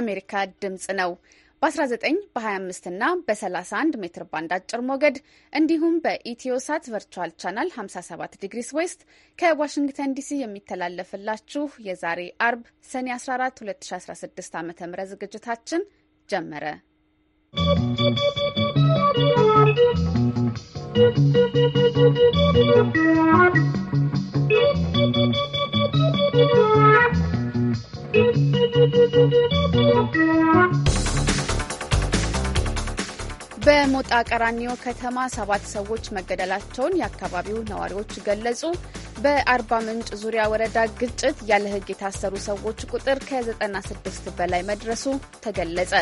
የአሜሪካ ድምፅ ነው። በ19 በ25 እና በ31 ሜትር ባንድ አጭር ሞገድ እንዲሁም በኢትዮሳት ቨርቹዋል ቻናል 57 ዲግሪስ ዌስት ከዋሽንግተን ዲሲ የሚተላለፍላችሁ የዛሬ አርብ ሰኔ 14 2016 ዓ ም ዝግጅታችን ጀመረ። ¶¶ thank you በሞጣ ቀራኒዮ ከተማ ሰባት ሰዎች መገደላቸውን የአካባቢው ነዋሪዎች ገለጹ። በአርባ ምንጭ ዙሪያ ወረዳ ግጭት ያለ ሕግ የታሰሩ ሰዎች ቁጥር ከ96 በላይ መድረሱ ተገለጸ።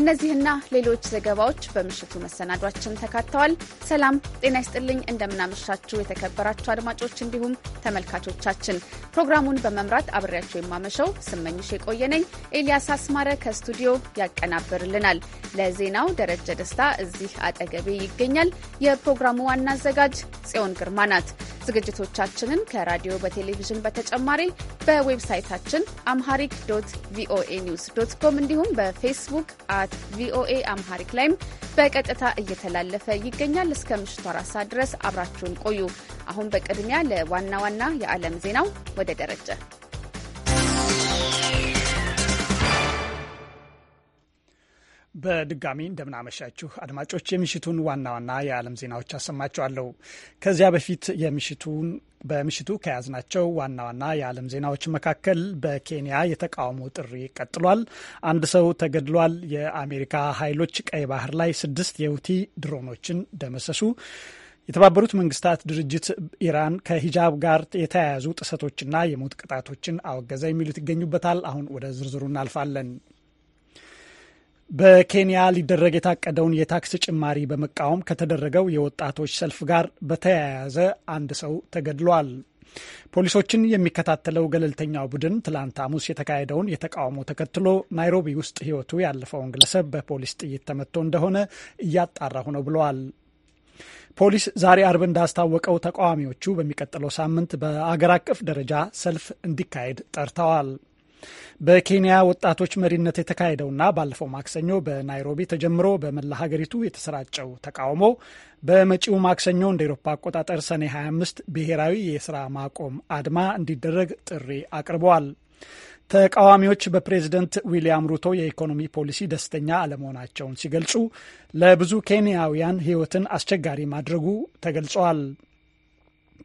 እነዚህና ሌሎች ዘገባዎች በምሽቱ መሰናዷችን ተካተዋል። ሰላም ጤና ይስጥልኝ። እንደምናመሻችሁ የተከበራችሁ አድማጮች እንዲሁም ተመልካቾቻችን። ፕሮግራሙን በመምራት አብሬያቸው የማመሸው ስመኝሽ የቆየነኝ። ኤልያስ አስማረ ከስቱዲዮ ያቀናብርልናል። ለዜናው ደረጀ ደስታ እዚህ አጠገቤ ይገኛል። የፕሮግራሙ ዋና አዘጋጅ ጽዮን ግርማ ናት። ዝግጅቶቻችንን ከራዲዮ በቴሌቪዥን በተጨማሪ በዌብሳይታችን አምሃሪክ ዶት ቪኦኤ ኒውስ ዶት ኮም እንዲሁም በፌስቡክ አት ቪኦኤ አምሃሪክ ላይም በቀጥታ እየተላለፈ ይገኛል። እስከ ምሽቱ አራት ሰዓት ድረስ አብራችሁን ቆዩ። አሁን በቅድሚያ ለዋና ዋና የዓለም ዜናው ወደ ደረጀ በድጋሚ እንደምናመሻችሁ አድማጮች፣ የምሽቱን ዋና ዋና የዓለም ዜናዎች አሰማችኋለሁ። ከዚያ በፊት የምሽቱን በምሽቱ ከያዝናቸው ዋና ዋና የዓለም ዜናዎች መካከል በኬንያ የተቃውሞ ጥሪ ቀጥሏል፣ አንድ ሰው ተገድሏል፣ የአሜሪካ ኃይሎች ቀይ ባህር ላይ ስድስት የውቲ ድሮኖችን ደመሰሱ፣ የተባበሩት መንግስታት ድርጅት ኢራን ከሂጃብ ጋር የተያያዙ ጥሰቶችና የሞት ቅጣቶችን አወገዘ የሚሉት ይገኙበታል። አሁን ወደ ዝርዝሩ እናልፋለን። በኬንያ ሊደረግ የታቀደውን የታክስ ጭማሪ በመቃወም ከተደረገው የወጣቶች ሰልፍ ጋር በተያያዘ አንድ ሰው ተገድሏል። ፖሊሶችን የሚከታተለው ገለልተኛው ቡድን ትላንት ሐሙስ የተካሄደውን የተቃውሞ ተከትሎ ናይሮቢ ውስጥ ሕይወቱ ያለፈውን ግለሰብ በፖሊስ ጥይት ተመቶ እንደሆነ እያጣራሁ ነው ብለዋል። ፖሊስ ዛሬ አርብ እንዳስታወቀው ተቃዋሚዎቹ በሚቀጥለው ሳምንት በአገር አቀፍ ደረጃ ሰልፍ እንዲካሄድ ጠርተዋል። በኬንያ ወጣቶች መሪነት የተካሄደውና ባለፈው ማክሰኞ በናይሮቢ ተጀምሮ በመላ ሀገሪቱ የተሰራጨው ተቃውሞ በመጪው ማክሰኞ እንደ ኤሮፓ አቆጣጠር ሰኔ 25 ብሔራዊ የስራ ማቆም አድማ እንዲደረግ ጥሪ አቅርበዋል። ተቃዋሚዎች በፕሬዝደንት ዊሊያም ሩቶ የኢኮኖሚ ፖሊሲ ደስተኛ አለመሆናቸውን ሲገልጹ ለብዙ ኬንያውያን ሕይወትን አስቸጋሪ ማድረጉ ተገልጸዋል።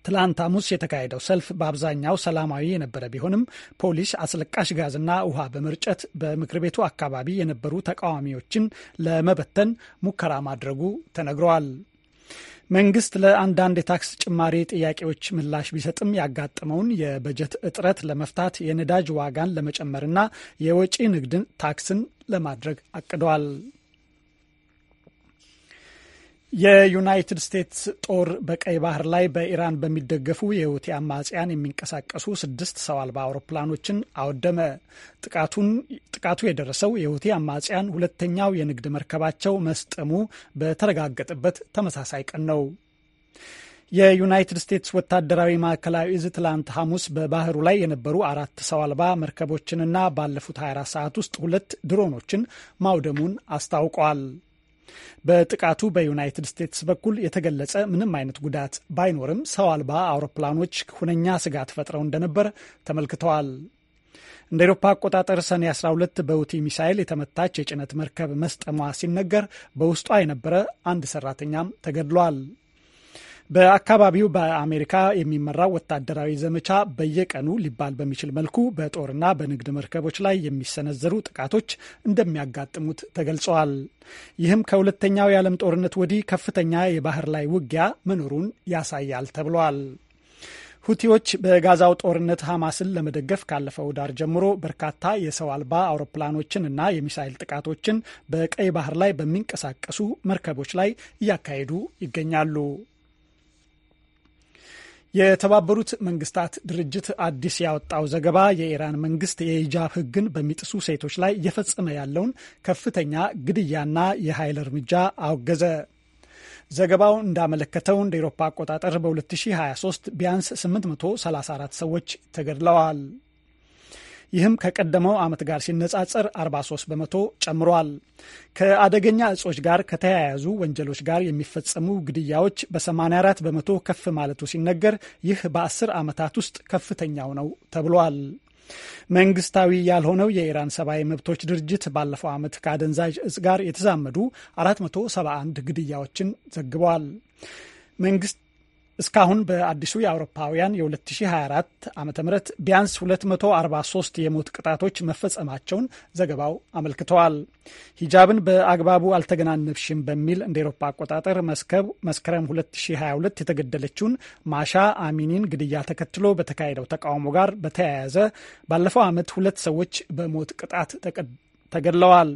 ትላንት ሐሙስ የተካሄደው ሰልፍ በአብዛኛው ሰላማዊ የነበረ ቢሆንም ፖሊስ አስለቃሽ ጋዝና ውሃ በመርጨት በምክር ቤቱ አካባቢ የነበሩ ተቃዋሚዎችን ለመበተን ሙከራ ማድረጉ ተነግረዋል። መንግስት ለአንዳንድ የታክስ ጭማሪ ጥያቄዎች ምላሽ ቢሰጥም ያጋጠመውን የበጀት እጥረት ለመፍታት የነዳጅ ዋጋን ለመጨመርና የወጪ ንግድን ታክስን ለማድረግ አቅደዋል። የዩናይትድ ስቴትስ ጦር በቀይ ባህር ላይ በኢራን በሚደገፉ የሁቲ አማጽያን የሚንቀሳቀሱ ስድስት ሰው አልባ አውሮፕላኖችን አወደመ። ጥቃቱ የደረሰው የሁቲ አማጽያን ሁለተኛው የንግድ መርከባቸው መስጠሙ በተረጋገጠበት ተመሳሳይ ቀን ነው። የዩናይትድ ስቴትስ ወታደራዊ ማዕከላዊ እዝ ትላንት ሐሙስ በባህሩ ላይ የነበሩ አራት ሰው አልባ መርከቦችንና ባለፉት 24 ሰዓት ውስጥ ሁለት ድሮኖችን ማውደሙን አስታውቋል። በጥቃቱ በዩናይትድ ስቴትስ በኩል የተገለጸ ምንም አይነት ጉዳት ባይኖርም ሰው አልባ አውሮፕላኖች ሁነኛ ስጋት ፈጥረው እንደነበር ተመልክተዋል። እንደ ኤሮፓ አቆጣጠር ሰኔ 12 በውቲ ሚሳይል የተመታች የጭነት መርከብ መስጠሟ ሲነገር በውስጧ የነበረ አንድ ሰራተኛም ተገድሏል። በአካባቢው በአሜሪካ የሚመራው ወታደራዊ ዘመቻ በየቀኑ ሊባል በሚችል መልኩ በጦርና በንግድ መርከቦች ላይ የሚሰነዘሩ ጥቃቶች እንደሚያጋጥሙት ተገልጸዋል። ይህም ከሁለተኛው የዓለም ጦርነት ወዲህ ከፍተኛ የባህር ላይ ውጊያ መኖሩን ያሳያል ተብሏል። ሁቲዎች በጋዛው ጦርነት ሐማስን ለመደገፍ ካለፈው ዳር ጀምሮ በርካታ የሰው አልባ አውሮፕላኖችን እና የሚሳይል ጥቃቶችን በቀይ ባህር ላይ በሚንቀሳቀሱ መርከቦች ላይ እያካሄዱ ይገኛሉ። የተባበሩት መንግስታት ድርጅት አዲስ ያወጣው ዘገባ የኢራን መንግስት የሂጃብ ሕግን በሚጥሱ ሴቶች ላይ እየፈጸመ ያለውን ከፍተኛ ግድያና የኃይል እርምጃ አወገዘ። ዘገባው እንዳመለከተው እንደ ኤሮፓ አቆጣጠር በ2023 ቢያንስ 834 ሰዎች ተገድለዋል። ይህም ከቀደመው ዓመት ጋር ሲነጻጸር 43 በመቶ ጨምሯል። ከአደገኛ እጾች ጋር ከተያያዙ ወንጀሎች ጋር የሚፈጸሙ ግድያዎች በ84 በመቶ ከፍ ማለቱ ሲነገር ይህ በ10 ዓመታት ውስጥ ከፍተኛው ነው ተብሏል። መንግስታዊ ያልሆነው የኢራን ሰብአዊ መብቶች ድርጅት ባለፈው ዓመት ከአደንዛዥ እጽ ጋር የተዛመዱ 471 ግድያዎችን ዘግቧል። መንግስት እስካሁን በአዲሱ የአውሮፓውያን የ2024 ዓ ም ቢያንስ 243 የሞት ቅጣቶች መፈጸማቸውን ዘገባው አመልክተዋል። ሂጃብን በአግባቡ አልተገናነብሽም በሚል እንደ ኤሮፓ አቆጣጠር መስከረም 2022 የተገደለችውን ማሻ አሚኒን ግድያ ተከትሎ በተካሄደው ተቃውሞ ጋር በተያያዘ ባለፈው ዓመት ሁለት ሰዎች በሞት ቅጣት ተገድለዋል።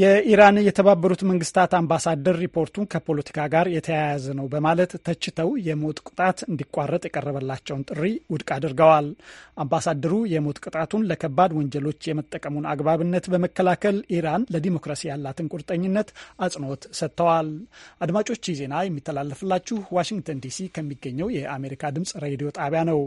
የኢራን የተባበሩት መንግስታት አምባሳደር ሪፖርቱን ከፖለቲካ ጋር የተያያዘ ነው በማለት ተችተው የሞት ቅጣት እንዲቋረጥ የቀረበላቸውን ጥሪ ውድቅ አድርገዋል። አምባሳደሩ የሞት ቅጣቱን ለከባድ ወንጀሎች የመጠቀሙን አግባብነት በመከላከል ኢራን ለዲሞክራሲ ያላትን ቁርጠኝነት አጽንኦት ሰጥተዋል። አድማጮች ይህ ዜና የሚተላለፍላችሁ ዋሽንግተን ዲሲ ከሚገኘው የአሜሪካ ድምጽ ሬዲዮ ጣቢያ ነው።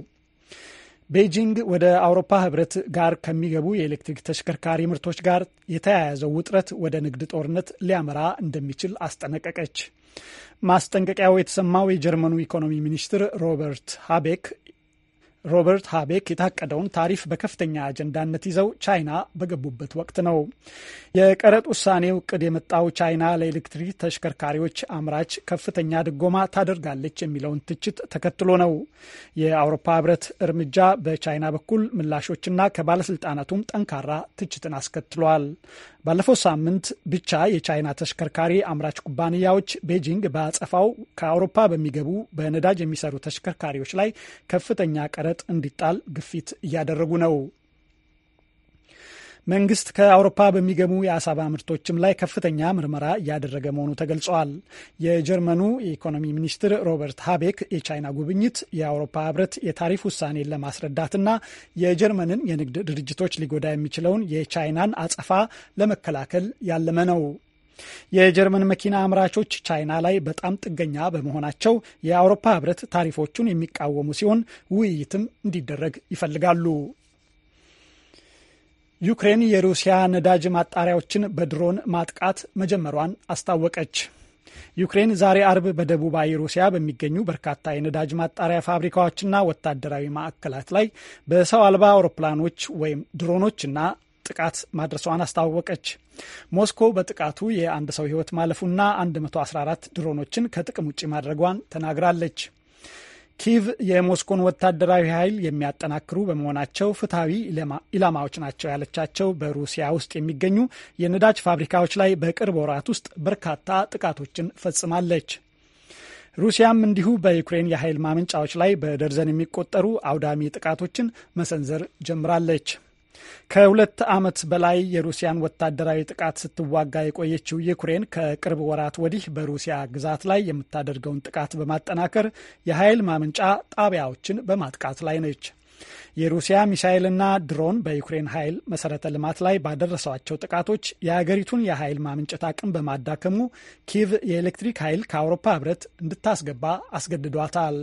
ቤጂንግ ወደ አውሮፓ ህብረት ጋር ከሚገቡ የኤሌክትሪክ ተሽከርካሪ ምርቶች ጋር የተያያዘው ውጥረት ወደ ንግድ ጦርነት ሊያመራ እንደሚችል አስጠነቀቀች። ማስጠንቀቂያው የተሰማው የጀርመኑ ኢኮኖሚ ሚኒስትር ሮበርት ሃቤክ ሮበርት ሃቤክ የታቀደውን ታሪፍ በከፍተኛ አጀንዳነት ይዘው ቻይና በገቡበት ወቅት ነው። የቀረጥ ውሳኔው እቅድ የመጣው ቻይና ለኤሌክትሪክ ተሽከርካሪዎች አምራች ከፍተኛ ድጎማ ታደርጋለች የሚለውን ትችት ተከትሎ ነው። የአውሮፓ ሕብረት እርምጃ በቻይና በኩል ምላሾችና ከባለስልጣናቱም ጠንካራ ትችትን አስከትሏል። ባለፈው ሳምንት ብቻ የቻይና ተሽከርካሪ አምራች ኩባንያዎች ቤጂንግ በአጸፋው ከአውሮፓ በሚገቡ በነዳጅ የሚሰሩ ተሽከርካሪዎች ላይ ከፍተኛ ቀረጥ እንዲጣል ግፊት እያደረጉ ነው። መንግስት ከአውሮፓ በሚገቡ የአሳባ ምርቶችም ላይ ከፍተኛ ምርመራ እያደረገ መሆኑ ተገልጸዋል። የጀርመኑ የኢኮኖሚ ሚኒስትር ሮበርት ሃቤክ የቻይና ጉብኝት የአውሮፓ ህብረት የታሪፍ ውሳኔን ለማስረዳትና የጀርመንን የንግድ ድርጅቶች ሊጎዳ የሚችለውን የቻይናን አጸፋ ለመከላከል ያለመ ነው። የጀርመን መኪና አምራቾች ቻይና ላይ በጣም ጥገኛ በመሆናቸው የአውሮፓ ህብረት ታሪፎቹን የሚቃወሙ ሲሆን ውይይትም እንዲደረግ ይፈልጋሉ። ዩክሬን የሩሲያ ነዳጅ ማጣሪያዎችን በድሮን ማጥቃት መጀመሯን አስታወቀች። ዩክሬን ዛሬ አርብ በደቡባዊ ሩሲያ በሚገኙ በርካታ የነዳጅ ማጣሪያ ፋብሪካዎችና ወታደራዊ ማዕከላት ላይ በሰው አልባ አውሮፕላኖች ወይም ድሮኖችና ጥቃት ማድረሷን አስታወቀች። ሞስኮ በጥቃቱ የአንድ ሰው ሕይወት ማለፉና 114 ድሮኖችን ከጥቅም ውጭ ማድረጓን ተናግራለች። ኪቭ የሞስኮን ወታደራዊ ኃይል የሚያጠናክሩ በመሆናቸው ፍትሐዊ ኢላማዎች ናቸው ያለቻቸው በሩሲያ ውስጥ የሚገኙ የነዳጅ ፋብሪካዎች ላይ በቅርብ ወራት ውስጥ በርካታ ጥቃቶችን ፈጽማለች። ሩሲያም እንዲሁ በዩክሬን የኃይል ማመንጫዎች ላይ በደርዘን የሚቆጠሩ አውዳሚ ጥቃቶችን መሰንዘር ጀምራለች። ከሁለት ዓመት በላይ የሩሲያን ወታደራዊ ጥቃት ስትዋጋ የቆየችው ዩክሬን ከቅርብ ወራት ወዲህ በሩሲያ ግዛት ላይ የምታደርገውን ጥቃት በማጠናከር የኃይል ማመንጫ ጣቢያዎችን በማጥቃት ላይ ነች። የሩሲያ ሚሳይልና ድሮን በዩክሬን ኃይል መሰረተ ልማት ላይ ባደረሷቸው ጥቃቶች የሀገሪቱን የኃይል ማመንጨት አቅም በማዳከሙ ኪቭ የኤሌክትሪክ ኃይል ከአውሮፓ ሕብረት እንድታስገባ አስገድዷታል።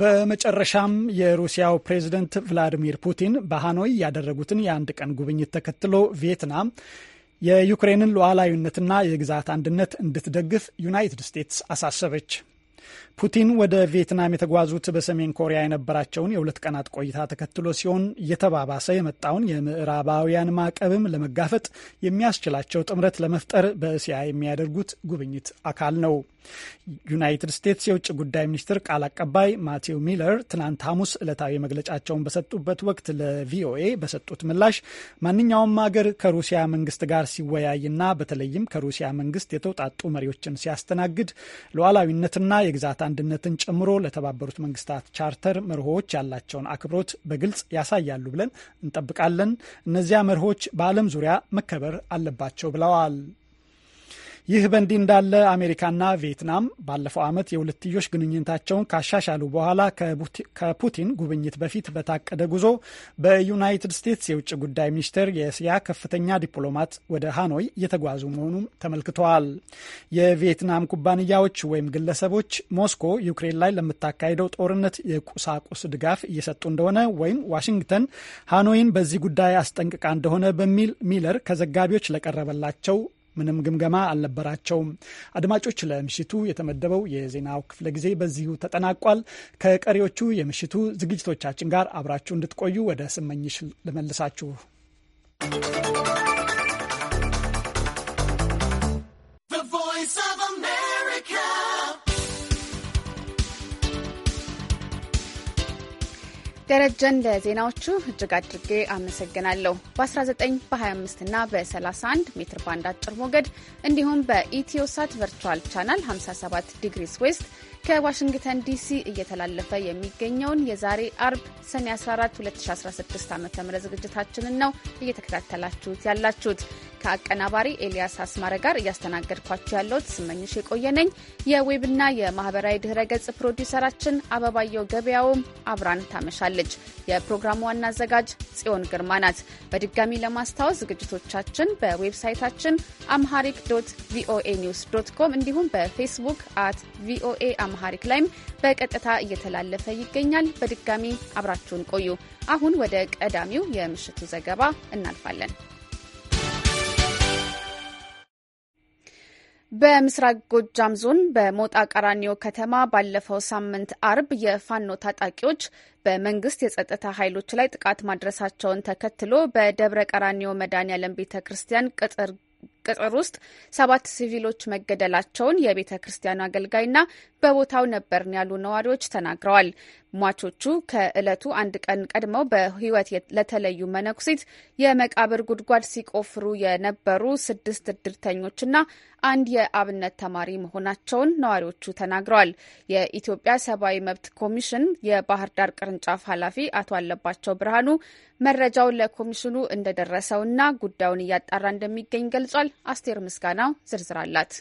በመጨረሻም የሩሲያው ፕሬዝደንት ቭላዲሚር ፑቲን በሃኖይ ያደረጉትን የአንድ ቀን ጉብኝት ተከትሎ ቪየትናም የዩክሬንን ሉዓላዊነትና የግዛት አንድነት እንድትደግፍ ዩናይትድ ስቴትስ አሳሰበች። ፑቲን ወደ ቪየትናም የተጓዙት በሰሜን ኮሪያ የነበራቸውን የሁለት ቀናት ቆይታ ተከትሎ ሲሆን እየተባባሰ የመጣውን የምዕራባውያን ማዕቀብም ለመጋፈጥ የሚያስችላቸው ጥምረት ለመፍጠር በእስያ የሚያደርጉት ጉብኝት አካል ነው። ዩናይትድ ስቴትስ የውጭ ጉዳይ ሚኒስትር ቃል አቀባይ ማቴው ሚለር ትናንት ሐሙስ ዕለታዊ መግለጫቸውን በሰጡበት ወቅት ለቪኦኤ በሰጡት ምላሽ ማንኛውም አገር ከሩሲያ መንግስት ጋር ሲወያይና በተለይም ከሩሲያ መንግስት የተውጣጡ መሪዎችን ሲያስተናግድ ሉዓላዊነትና የግዛት አንድነትን ጨምሮ ለተባበሩት መንግስታት ቻርተር መርሆዎች ያላቸውን አክብሮት በግልጽ ያሳያሉ ብለን እንጠብቃለን። እነዚያ መርሆች በዓለም ዙሪያ መከበር አለባቸው ብለዋል። ይህ በእንዲህ እንዳለ አሜሪካና ቪየትናም ባለፈው ዓመት የሁለትዮሽ ግንኙነታቸውን ካሻሻሉ በኋላ ከፑቲን ጉብኝት በፊት በታቀደ ጉዞ በዩናይትድ ስቴትስ የውጭ ጉዳይ ሚኒስቴር የእስያ ከፍተኛ ዲፕሎማት ወደ ሃኖይ እየተጓዙ መሆኑም ተመልክተዋል። የቪየትናም ኩባንያዎች ወይም ግለሰቦች ሞስኮ ዩክሬን ላይ ለምታካሄደው ጦርነት የቁሳቁስ ድጋፍ እየሰጡ እንደሆነ ወይም ዋሽንግተን ሃኖይን በዚህ ጉዳይ አስጠንቅቃ እንደሆነ በሚል ሚለር ከዘጋቢዎች ለቀረበላቸው ምንም ግምገማ አልነበራቸውም። አድማጮች፣ ለምሽቱ የተመደበው የዜናው ክፍለ ጊዜ በዚሁ ተጠናቋል። ከቀሪዎቹ የምሽቱ ዝግጅቶቻችን ጋር አብራችሁ እንድትቆዩ ወደ ስመኝሽ ልመልሳችሁ። ደረጀን ለዜናዎቹ እጅግ አድርጌ አመሰግናለሁ። በ19 በ25 እና በ31 ሜትር ባንድ አጭር ሞገድ እንዲሁም በኢትዮሳት ቨርቹዋል ቻናል 57 ዲግሪስ ዌስት ከዋሽንግተን ዲሲ እየተላለፈ የሚገኘውን የዛሬ አርብ ሰኔ 14 2016 ዓ ም ዝግጅታችንን ነው እየተከታተላችሁት ያላችሁት። ከአቀናባሪ ኤልያስ አስማረ ጋር እያስተናገድኳችሁ ያለሁት ስመኝሽ የቆየ ነኝ። የዌብና የማህበራዊ ድህረ ገጽ ፕሮዲውሰራችን አበባየው ገበያውም አብራን ታመሻለች። የፕሮግራሙ ዋና አዘጋጅ ጽዮን ግርማ ናት። በድጋሚ ለማስታወስ ዝግጅቶቻችን በዌብሳይታችን አምሃሪክ ዶት ቪኦኤ ኒውስ ዶት ኮም እንዲሁም በፌስቡክ አት ቪኦኤ አምሃሪክ ላይም በቀጥታ እየተላለፈ ይገኛል። በድጋሚ አብራችሁን ቆዩ። አሁን ወደ ቀዳሚው የምሽቱ ዘገባ እናልፋለን። በምስራቅ ጎጃም ዞን በሞጣ ቀራኒዮ ከተማ ባለፈው ሳምንት አርብ የፋኖ ታጣቂዎች በመንግስት የጸጥታ ኃይሎች ላይ ጥቃት ማድረሳቸውን ተከትሎ በደብረ ቀራኒዮ መድኃኔዓለም ቤተ ክርስቲያን ቅጥር ቅጥር ውስጥ ሰባት ሲቪሎች መገደላቸውን የቤተ ክርስቲያኑ አገልጋይና በቦታው ነበርን ያሉ ነዋሪዎች ተናግረዋል። ሟቾቹ ከዕለቱ አንድ ቀን ቀድመው በሕይወት ለተለዩ መነኩሲት የመቃብር ጉድጓድ ሲቆፍሩ የነበሩ ስድስት እድርተኞችና አንድ የአብነት ተማሪ መሆናቸውን ነዋሪዎቹ ተናግረዋል። የኢትዮጵያ ሰብአዊ መብት ኮሚሽን የባህር ዳር ቅርንጫፍ ኃላፊ አቶ አለባቸው ብርሃኑ መረጃውን ለኮሚሽኑ እንደደረሰውና ጉዳዩን እያጣራ እንደሚገኝ ገልጿል። አስቴር ምስጋናው ዝርዝር አላት።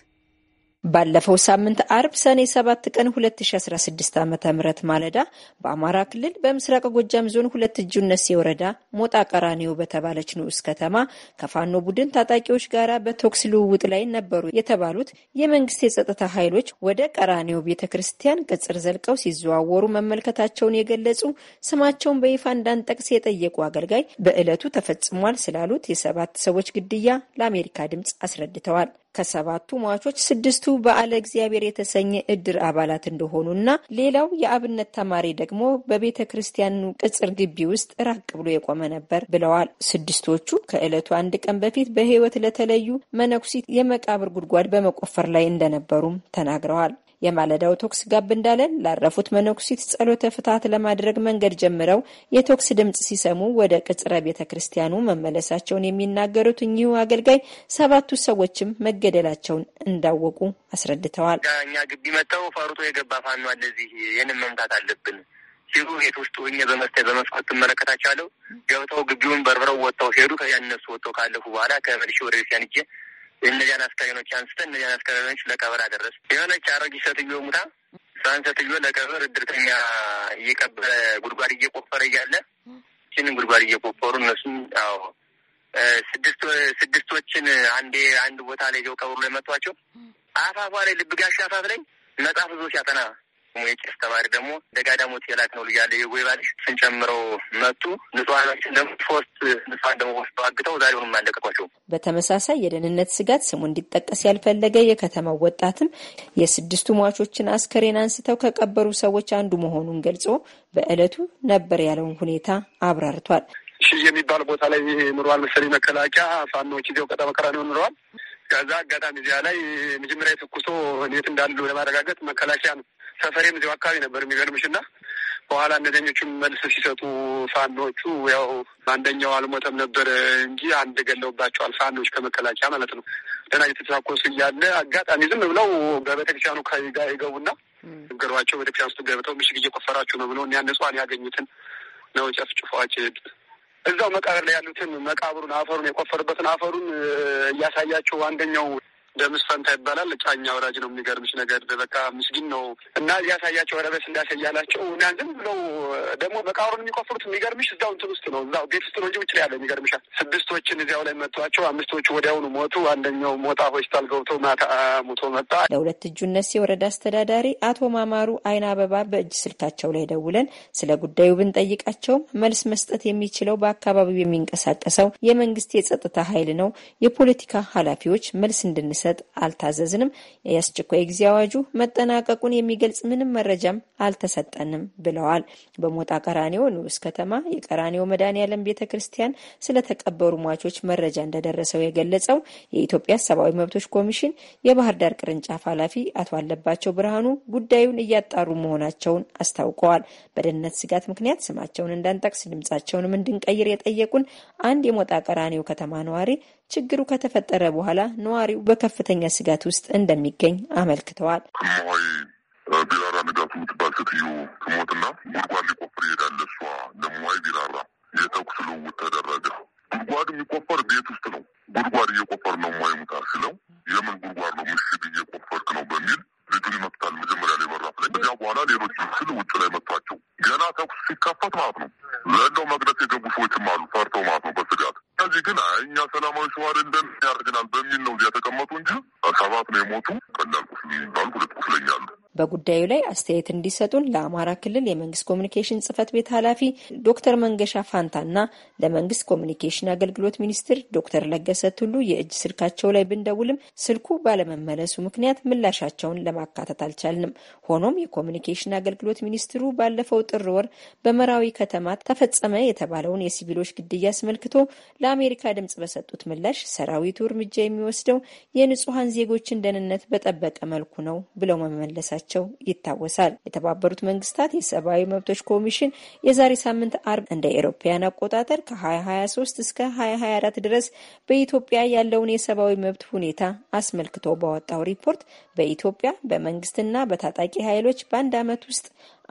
ባለፈው ሳምንት አርብ ሰኔ 7 ቀን 2016 ም ማለዳ በአማራ ክልል በምስራቅ ጎጃም ዞን ሁለት እጁነሴ ወረዳ ሞጣ ቀራኒዮ በተባለች ንዑስ ከተማ ከፋኖ ቡድን ታጣቂዎች ጋር በተኩስ ልውውጥ ላይ ነበሩ የተባሉት የመንግስት የጸጥታ ኃይሎች ወደ ቀራኒዮ ቤተ ክርስቲያን ቅጽር ዘልቀው ሲዘዋወሩ መመልከታቸውን የገለጹ ስማቸውን በይፋ እንዳንጠቅስ የጠየቁ አገልጋይ በዕለቱ ተፈጽሟል ስላሉት የሰባት ሰዎች ግድያ ለአሜሪካ ድምፅ አስረድተዋል። ከሰባቱ ሟቾች ስድስቱ በዓለ እግዚአብሔር የተሰኘ እድር አባላት እንደሆኑና ሌላው የአብነት ተማሪ ደግሞ በቤተ ክርስቲያኑ ቅጽር ግቢ ውስጥ ራቅ ብሎ የቆመ ነበር ብለዋል። ስድስቶቹ ከዕለቱ አንድ ቀን በፊት በሕይወት ለተለዩ መነኩሲት የመቃብር ጉድጓድ በመቆፈር ላይ እንደነበሩም ተናግረዋል። የማለዳው ቶክስ ጋብ እንዳለን ላረፉት መነኩሲት ጸሎተ ፍትሐት ለማድረግ መንገድ ጀምረው የቶክስ ድምፅ ሲሰሙ ወደ ቅጽረ ቤተ ክርስቲያኑ መመለሳቸውን የሚናገሩት እኚሁ አገልጋይ ሰባቱ ሰዎችም መገደላቸውን እንዳወቁ አስረድተዋል። እኛ ግቢ መጥተው ፈርቶ የገባ ፋኖ አለ፣ እዚህ ይህንን መምታት አለብን ሲሉ ቤት ውስጥ ሆኜ በመስተ በመስኮት ትመለከታቸዋለሁ። ገብተው ግቢውን በርብረው ወጥተው ሄዱ። ከዚያ እነሱ ወጥተው ካለፉ በኋላ ከመልሼ ወደ ቤተክርስቲያን እነዚያን አስከሬኖች አንስተን እነዚያን አስከሬኖች ለቀበር አደረስ። የሆነች አሮጊት ሴትዮ ሙታ ሰን ሴትዮ ለቀበር እድርተኛ እየቀበረ ጉድጓድ እየቆፈረ እያለ ችን ጉድጓድ እየቆፈሩ እነሱም አዎ ስድስት ስድስቶችን አንዴ አንድ ቦታ ላይ ዘው ቀብሩ ላይ መጥቷቸው አፋፏ ላይ ልብ ጋሽ አፋፍ ላይ መጽሐፍ ዞ ሲያጠና የቄስ ተማሪ ደግሞ ደጋዳሞት የላክ ነው ልያለ ያለ የጎይባልሽ ስንጨምረው መጡ። ንጹሐኖችን ደግሞ ሶስት ንጹሐን ደግሞ ወስዶ አግተው ዛሬ ዛሬውንም አለቀቋቸው። በተመሳሳይ የደህንነት ስጋት ስሙ እንዲጠቀስ ያልፈለገ የከተማው ወጣትም የስድስቱ ሟቾችን አስከሬን አንስተው ከቀበሩ ሰዎች አንዱ መሆኑን ገልጾ በእለቱ ነበር ያለውን ሁኔታ አብራርቷል። ሺ የሚባል ቦታ ላይ ኑሯል መሰለኝ መከላከያ ፋኖች ይዘው ቀጠ መከራ ነው ኑረዋል። ከዛ አጋጣሚ እዚያ ላይ መጀመሪያ የተኩሶ የት እንዳሉ ለማረጋገጥ መከላከያ ነው ሰፈሬም እዚሁ አካባቢ ነበር የሚገርምሽ እና በኋላ እነደኞቹም መልስ ሲሰጡ ፋኖቹ ያው አንደኛው አልሞተም ነበር እንጂ አንድ ገለውባቸዋል። ፋኖች ከመከላከያ ማለት ነው። ደህና እየተተሳኮሱ እያለ አጋጣሚ ዝም ብለው በቤተክርስቲያኑ ጋር ይገቡና ነገሯቸው። ቤተክርስቲያን ውስጥ ገብተው ምሽግ እየቆፈራችሁ ነው ብለው እኒያ ንጹሃን ያገኙትን ነው ጨፍጭፈዋቸው ሄዱት። እዛው መቃብር ላይ ያሉትን መቃብሩን አፈሩን የቆፈሩበትን አፈሩን እያሳያቸው አንደኛው ደምስ ፈንታ ይባላል። ጫኛ ወራጅ ነው። የሚገርምሽ ነገር በቃ ምስጊን ነው እና እያሳያቸው ረበስ እንዳያሳያላቸው እና ዝም ብለው ደግሞ በቃሩን የሚቆፍሩት የሚገርምሽ እዛው እንትን ውስጥ ነው እዛው ቤት ውስጥ ነው እንጂ ውጭ ላይ ያለ የሚገርምሻል። ስድስቶችን እዚያው ላይ መቷቸው። አምስቶቹ ወዲያውኑ ሞቱ። አንደኛው ሞጣ ሆስፒታል ገብቶ ማታ ሞቶ መጣ። ለሁለት እጁ እነሴ የወረዳ አስተዳዳሪ አቶ ማማሩ አይን አበባ በእጅ ስልካቸው ላይ ደውለን ስለ ጉዳዩ ብንጠይቃቸውም መልስ መስጠት የሚችለው በአካባቢው የሚንቀሳቀሰው የመንግስት የጸጥታ ኃይል ነው። የፖለቲካ ኃላፊዎች መልስ እንድንሰ እንድንሰጥ አልታዘዝንም። የአስቸኳይ ጊዜ አዋጁ መጠናቀቁን የሚገልጽ ምንም መረጃም አልተሰጠንም ብለዋል። በሞጣ ቀራኒዮ ንዑስ ከተማ የቀራኒዮ መድኃኔዓለም ቤተ ክርስቲያን ስለተቀበሩ ሟቾች መረጃ እንደደረሰው የገለጸው የኢትዮጵያ ሰብአዊ መብቶች ኮሚሽን የባህር ዳር ቅርንጫፍ ኃላፊ አቶ አለባቸው ብርሃኑ ጉዳዩን እያጣሩ መሆናቸውን አስታውቀዋል። በደህንነት ስጋት ምክንያት ስማቸውን እንዳንጠቅስ ድምጻቸውንም እንድንቀይር የጠየቁን አንድ የሞጣ ቀራኒዮ ከተማ ነዋሪ ችግሩ ከተፈጠረ በኋላ ነዋሪው በከፍተኛ ስጋት ውስጥ እንደሚገኝ አመልክተዋል። ቢራራ ንጋቱ የምትባል ሴትዮ ትሞትና ጉድጓድ ሊቆፍር ይሄዳል። እሷ ለምዋይ ቢራራ የተኩስ ልውውጥ ተደረገ። ጉድጓድ የሚቆፈር ቤት ውስጥ ነው። ጉድጓድ እየቆፈር ነው ማይ ሙታ ስለው የምን ጉድጓድ ነው ምሽግ እየቆፈርክ ነው በሚል ልጁን ይመታል። መጀመሪያ ላይ በራፍ ላይ ከዚያ በኋላ ሌሎች ስል ውጭ ላይ መቷቸው። ገና ተኩስ ሲከፈት ማለት ነው ዘለው መቅደስ የገቡ ሰዎችም አሉ። ፈርተው ማለት ነው በስጋት ከዚህ ግን እኛ ሰላማዊ ሸዋ አይደለም ያደርግናል በሚል ነው እዚያ ተቀመጡ እንጂ ሰባት ነው የሞቱ ቀላል ቁስል የሚባሉ ሁለት ቁስለኛ አሉ። በጉዳዩ ላይ አስተያየት እንዲሰጡን ለአማራ ክልል የመንግስት ኮሚኒኬሽን ጽህፈት ቤት ኃላፊ ዶክተር መንገሻ ፋንታና ለመንግስት ኮሚኒኬሽን አገልግሎት ሚኒስትር ዶክተር ለገሰ ቱሉ የእጅ ስልካቸው ላይ ብንደውልም ስልኩ ባለመመለሱ ምክንያት ምላሻቸውን ለማካተት አልቻልንም። ሆኖም የኮሚኒኬሽን አገልግሎት ሚኒስትሩ ባለፈው ጥር ወር በመራዊ ከተማ ተፈጸመ የተባለውን የሲቪሎች ግድያ አስመልክቶ ለአሜሪካ ድምጽ በሰጡት ምላሽ ሰራዊቱ እርምጃ የሚወስደው የንጹሐን ዜጎችን ደህንነት በጠበቀ መልኩ ነው ብለው መመለሳቸው መያዛቸው ይታወሳል። የተባበሩት መንግስታት የሰብአዊ መብቶች ኮሚሽን የዛሬ ሳምንት አርብ እንደ ኤሮፓያን አቆጣጠር ከ2023 እስከ 2024 ድረስ በኢትዮጵያ ያለውን የሰብአዊ መብት ሁኔታ አስመልክቶ ባወጣው ሪፖርት በኢትዮጵያ በመንግስትና በታጣቂ ኃይሎች በአንድ ዓመት ውስጥ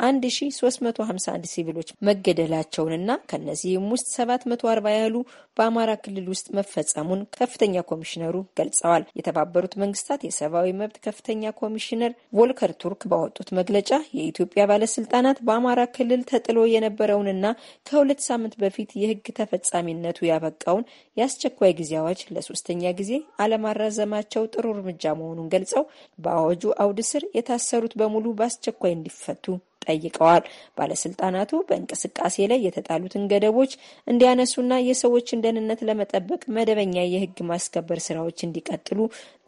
1351 ሲቪሎች መገደላቸውንና ከእነዚህም ውስጥ 740 ያህሉ በአማራ ክልል ውስጥ መፈጸሙን ከፍተኛ ኮሚሽነሩ ገልጸዋል። የተባበሩት መንግስታት የሰብአዊ መብት ከፍተኛ ኮሚሽነር ቮልከር ቱርክ ባወጡት መግለጫ የኢትዮጵያ ባለስልጣናት በአማራ ክልል ተጥሎ የነበረውንና ከሁለት ሳምንት በፊት የህግ ተፈጻሚነቱ ያበቃውን የአስቸኳይ ጊዜ አዋጅ ለሶስተኛ ጊዜ አለማራዘማቸው ጥሩ እርምጃ መሆኑን ገልጸው በአዋጁ አውድ ስር የታሰሩት በሙሉ በአስቸኳይ እንዲፈቱ ጠይቀዋል። ባለስልጣናቱ በእንቅስቃሴ ላይ የተጣሉትን ገደቦች እንዲያነሱና የሰዎችን ደህንነት ለመጠበቅ መደበኛ የህግ ማስከበር ስራዎች እንዲቀጥሉ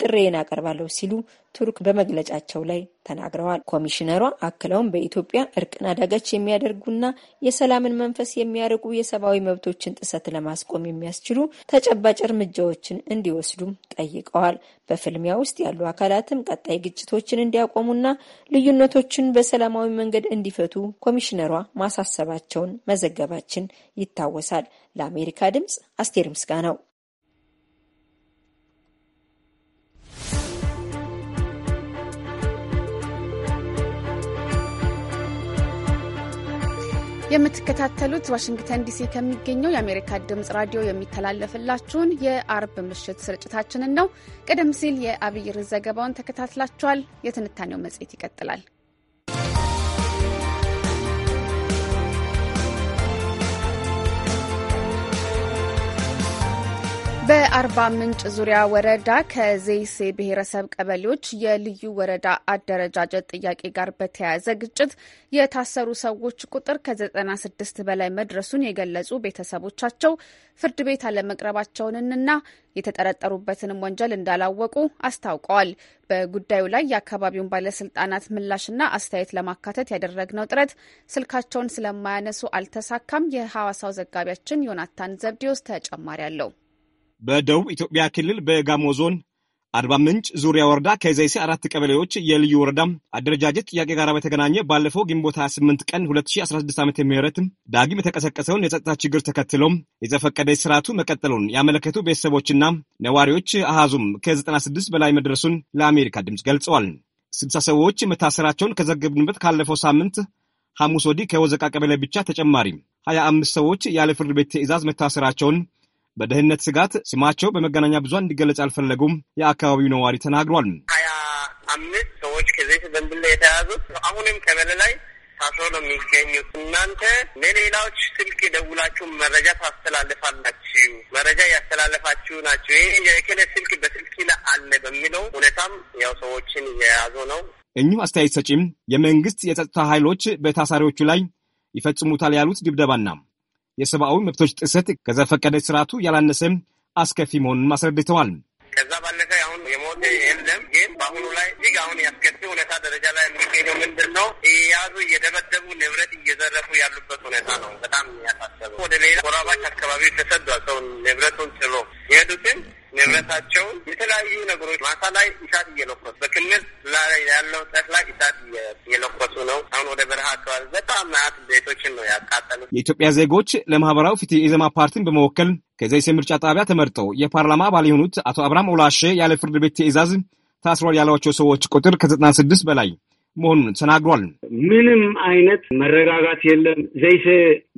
ጥሬን አቀርባለሁ ሲሉ ቱርክ በመግለጫቸው ላይ ተናግረዋል። ኮሚሽነሯ አክለውም በኢትዮጵያ እርቅን አዳጋች የሚያደርጉና የሰላምን መንፈስ የሚያርቁ የሰብአዊ መብቶችን ጥሰት ለማስቆም የሚያስችሉ ተጨባጭ እርምጃዎችን እንዲወስዱም ጠይቀዋል። በፍልሚያ ውስጥ ያሉ አካላትም ቀጣይ ግጭቶችን እንዲያቆሙና ልዩነቶችን በሰላማዊ መንገድ እንዲፈቱ ኮሚሽነሯ ማሳሰባቸውን መዘገባችን ይታወሳል። ለአሜሪካ ድምጽ አስቴር ምስጋ ነው። የምትከታተሉት ዋሽንግተን ዲሲ ከሚገኘው የአሜሪካ ድምፅ ራዲዮ የሚተላለፍላችሁን የአርብ ምሽት ስርጭታችንን ነው። ቀደም ሲል የአብይር ዘገባውን ተከታትላችኋል። የትንታኔው መጽሔት ይቀጥላል። በአርባ ምንጭ ዙሪያ ወረዳ ከዘይሴ ብሔረሰብ ቀበሌዎች የልዩ ወረዳ አደረጃጀት ጥያቄ ጋር በተያያዘ ግጭት የታሰሩ ሰዎች ቁጥር ከ96 በላይ መድረሱን የገለጹ ቤተሰቦቻቸው ፍርድ ቤት አለመቅረባቸውንና የተጠረጠሩበትንም ወንጀል እንዳላወቁ አስታውቀዋል። በጉዳዩ ላይ የአካባቢውን ባለስልጣናት ምላሽና አስተያየት ለማካተት ያደረግነው ጥረት ስልካቸውን ስለማያነሱ አልተሳካም። የሐዋሳው ዘጋቢያችን ዮናታን ዘብዲዎስ ተጨማሪ አለው። በደቡብ ኢትዮጵያ ክልል በጋሞ ዞን አርባ ምንጭ ዙሪያ ወረዳ ከዘይሴ አራት ቀበሌዎች የልዩ ወረዳ አደረጃጀት ጥያቄ ጋር በተገናኘ ባለፈው ግንቦት 28 ቀን 2016 ዓ ም ዳግም የተቀሰቀሰውን የጸጥታ ችግር ተከትሎ የዘፈቀደ ስርዓቱ መቀጠሉን ያመለከቱ ቤተሰቦችና ነዋሪዎች አሃዙም ከ96 በላይ መድረሱን ለአሜሪካ ድምፅ ገልጸዋል። 60 ሰዎች መታሰራቸውን ከዘገብንበት ካለፈው ሳምንት ሐሙስ ወዲህ ከወዘቃ ቀበሌ ብቻ ተጨማሪ 25 ሰዎች ያለ ፍርድ ቤት ትዕዛዝ መታሰራቸውን በደህንነት ስጋት ስማቸው በመገናኛ ብዙሃን እንዲገለጽ ያልፈለጉም የአካባቢው ነዋሪ ተናግሯል። ሀያ አምስት ሰዎች ከዚህ ዘንብላ የተያዙት አሁንም ከበለ ላይ ታስሮ ነው የሚገኙት። እናንተ ለሌላዎች ስልክ ደውላችሁ መረጃ ታስተላልፋላችሁ፣ መረጃ ያስተላለፋችሁ ናቸው። ይህ የክለ ስልክ በስልክ ላይ አለ በሚለው ሁኔታም ያው ሰዎችን እየያዙ ነው። እኚሁ አስተያየት ሰጪም የመንግስት የጸጥታ ኃይሎች በታሳሪዎቹ ላይ ይፈጽሙታል ያሉት ድብደባና የሰብአዊ መብቶች ጥሰት ከዘፈቀደ ስርዓቱ ያላነሰ አስከፊ መሆኑን አስረድተዋል። ከዛ ባለፈ አሁን የሞት የለም። ግን በአሁኑ ላይ እጅግ አሁን ያስከፊ ሁኔታ ደረጃ ላይ የሚገኘው ምንድን ነው? እየያዙ እየደበደቡ ንብረት እየዘረፉ ያሉበት ሁኔታ ነው። በጣም ያሳሰበ ወደ ሌላ ወራባች አካባቢ ተሰዷል። ሰውን ንብረቱን ጭሎ የሄዱትን ንብረታቸውን የተለያዩ ነገሮች ማሳ ላይ እሳት እየለኮሱ በክልል ላይ ያለው ጠፍ ላይ እሳት እየለኮሱ ነው። አሁን ወደ በረሃ አካባቢ በጣም ናት ቤቶችን ነው ያቃጠሉ። የኢትዮጵያ ዜጎች ለማህበራዊ ፍትህ ኢዜማ ፓርቲን በመወከል ከዘይሴ ምርጫ ጣቢያ ተመርጠው የፓርላማ አባል የሆኑት አቶ አብርሃም ኦላሼ ያለ ፍርድ ቤት ትዕዛዝ ታስሯል ያሏቸው ሰዎች ቁጥር ከዘጠና ስድስት በላይ መሆኑን ተናግሯል። ምንም አይነት መረጋጋት የለም። ዘይሴ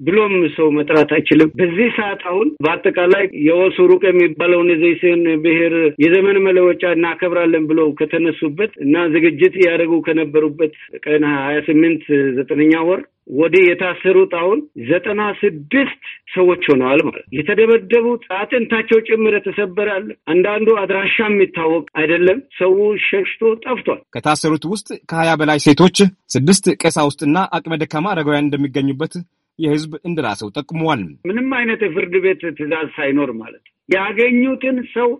ብሎም ሰው መጥራት አይችልም። በዚህ ሰዓት አሁን በአጠቃላይ የወሱ ሩቅ የሚባለውን የዘይሴን ብሔር የዘመን መለወጫ እናከብራለን ብለው ከተነሱበት እና ዝግጅት እያደረጉ ከነበሩበት ቀን ሀያ ስምንት ዘጠነኛ ወር ወደ የታሰሩት አሁን ዘጠና ስድስት ሰዎች ሆነዋል ማለት የተደበደቡት አጥንታቸው ጭምር የተሰበራል። አንዳንዱ አድራሻ የሚታወቅ አይደለም። ሰው ሸሽቶ ጠፍቷል። ከታሰሩት ውስጥ ከሀያ በላይ ሴቶች፣ ስድስት ቀሳውስትና አቅመ ደካማ አረጋውያን እንደሚገኙበት የህዝብ እንድራሰው ጠቁመዋል። ምንም አይነት የፍርድ ቤት ትዕዛዝ ሳይኖር ማለት ነው ያገኙትን ሰው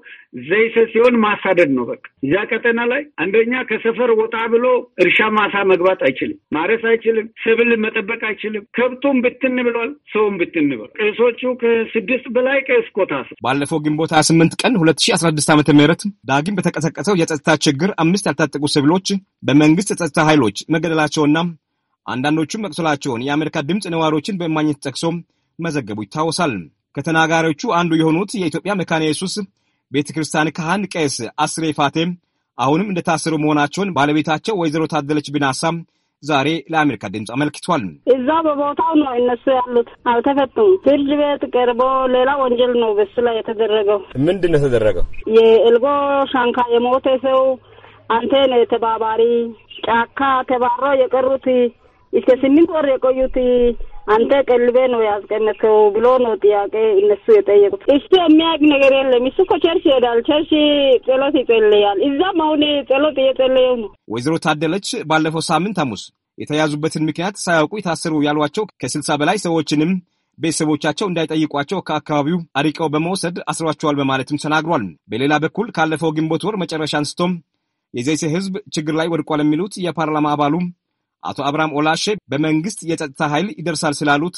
ዘይሰ ሲሆን ማሳደድ ነው። በቃ እዚያ ቀጠና ላይ አንደኛ ከሰፈር ወጣ ብሎ እርሻ ማሳ መግባት አይችልም፣ ማረስ አይችልም፣ ሰብል መጠበቅ አይችልም። ከብቱም ብትን ብሏል፣ ሰውም ብትን ብሏል። ቄሶቹ ከስድስት በላይ ቄስ ኮታ ባለፈው ግንቦት ሀያ ስምንት ቀን ሁለት ሺ አስራ ስድስት ዓመተ ምህረት ዳግም በተቀሰቀሰው የጸጥታ ችግር አምስት ያልታጠቁ ሰብሎች በመንግስት የጸጥታ ኃይሎች መገደላቸውና አንዳንዶቹም መቅሰላቸውን የአሜሪካ ድምፅ ነዋሪዎችን በማግኘት ጠቅሶ መዘገቡ ይታወሳል። ከተናጋሪዎቹ አንዱ የሆኑት የኢትዮጵያ መካነ ኢየሱስ ቤተ ክርስቲያን ካህን ቄስ አስሬ ፋቴ አሁንም እንደታሰሩ መሆናቸውን ባለቤታቸው ወይዘሮ ታደለች ብናሳም ዛሬ ለአሜሪካ ድምፅ አመልክቷል። እዛ በቦታው ነው እነሱ ያሉት፣ አልተፈቱም። ፍርድ ቤት ቀርቦ ሌላ ወንጀል ነው በሱ ላይ የተደረገው። ምንድን ነው የተደረገው? የእልጎ ሻንካ የሞተ ሰው አንተ ነው የተባባሪ ጫካ ተባረው የቀሩት እስከ ስምንት ወር የቆዩት አንተ ቀልቤ ነው ያስቀነከው ብሎ ነው ጥያቄ እነሱ የጠየቁት። እሱ የሚያውቅ ነገር የለም። እሱ እኮ ቸርች ይሄዳል። ቸርች ጸሎት ይጸልያል። እዛም አሁን ጸሎት እየጸለየው ነው። ወይዘሮ ታደለች ባለፈው ሳምንት ሐሙስ የተያዙበትን ምክንያት ሳያውቁ የታሰሩ ያሏቸው ከስልሳ በላይ ሰዎችንም ቤተሰቦቻቸው እንዳይጠይቋቸው ከአካባቢው አሪቀው በመውሰድ አስሯቸዋል በማለትም ተናግሯል። በሌላ በኩል ካለፈው ግንቦት ወር መጨረሻ አንስቶም የዘይሴ ሕዝብ ችግር ላይ ወድቋል የሚሉት የፓርላማ አባሉ አቶ አብርሃም ኦላሼ በመንግስት የጸጥታ ኃይል ይደርሳል ስላሉት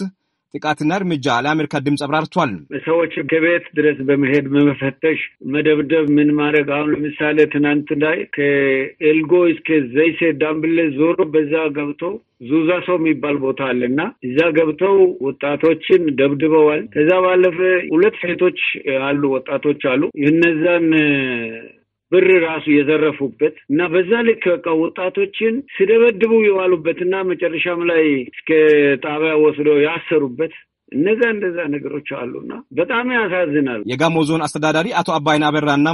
ጥቃትና እርምጃ ለአሜሪካ ድምፅ አብራርቷል። ሰዎች ከቤት ድረስ በመሄድ በመፈተሽ መደብደብ፣ ምን ማድረግ አሁን ለምሳሌ ትናንት ላይ ከኤልጎ እስከ ዘይሴ ዳምብሌ ዞሮ በዛ ገብቶ ዙዛ ሰው የሚባል ቦታ አለ እና እዛ ገብተው ወጣቶችን ደብድበዋል። ከዛ ባለፈ ሁለት ሴቶች አሉ፣ ወጣቶች አሉ እነዛን ብር ራሱ የዘረፉበት እና በዛ ልክ በቃ ወጣቶችን ሲደበድቡ የዋሉበትና መጨረሻም ላይ እስከ ጣቢያ ወስደው ያሰሩበት እነዛ እንደዛ ነገሮች አሉና በጣም ያሳዝናል። የጋሞ ዞን አስተዳዳሪ አቶ አባይን አበራና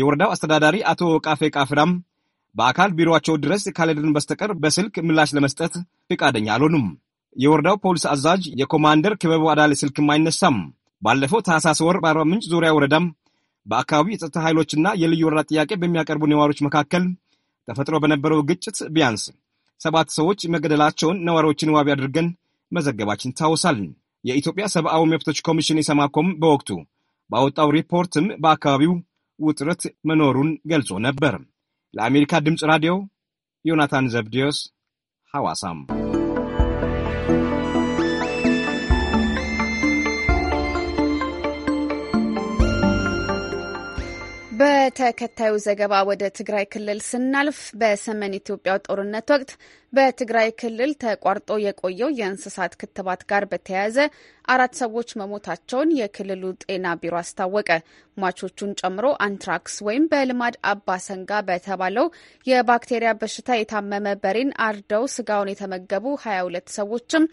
የወረዳው አስተዳዳሪ አቶ ቃፌ ቃፍራም በአካል ቢሮቸው ድረስ ካልሄድን በስተቀር በስልክ ምላሽ ለመስጠት ፈቃደኛ አልሆኑም። የወረዳው ፖሊስ አዛዥ የኮማንደር ክበቡ አዳሌ ስልክም አይነሳም። ባለፈው ታህሳስ ወር በአርባ ምንጭ ዙሪያ ወረዳም በአካባቢው የጸጥታ ኃይሎችና የልዩ ወረዳ ጥያቄ በሚያቀርቡ ነዋሪዎች መካከል ተፈጥሮ በነበረው ግጭት ቢያንስ ሰባት ሰዎች መገደላቸውን ነዋሪዎችን ዋቢ አድርገን መዘገባችን ይታወሳል። የኢትዮጵያ ሰብአዊ መብቶች ኮሚሽን የሰማኮም በወቅቱ ባወጣው ሪፖርትም በአካባቢው ውጥረት መኖሩን ገልጾ ነበር። ለአሜሪካ ድምፅ ራዲዮ ዮናታን ዘብዲዮስ ሐዋሳም በተከታዩ ዘገባ ወደ ትግራይ ክልል ስናልፍ በሰሜን ኢትዮጵያ ጦርነት ወቅት በትግራይ ክልል ተቋርጦ የቆየው የእንስሳት ክትባት ጋር በተያያዘ አራት ሰዎች መሞታቸውን የክልሉ ጤና ቢሮ አስታወቀ። ሟቾቹን ጨምሮ አንትራክስ ወይም በልማድ አባሰንጋ በተባለው የባክቴሪያ በሽታ የታመመ በሬን አርደው ስጋውን የተመገቡ 22 ሰዎችም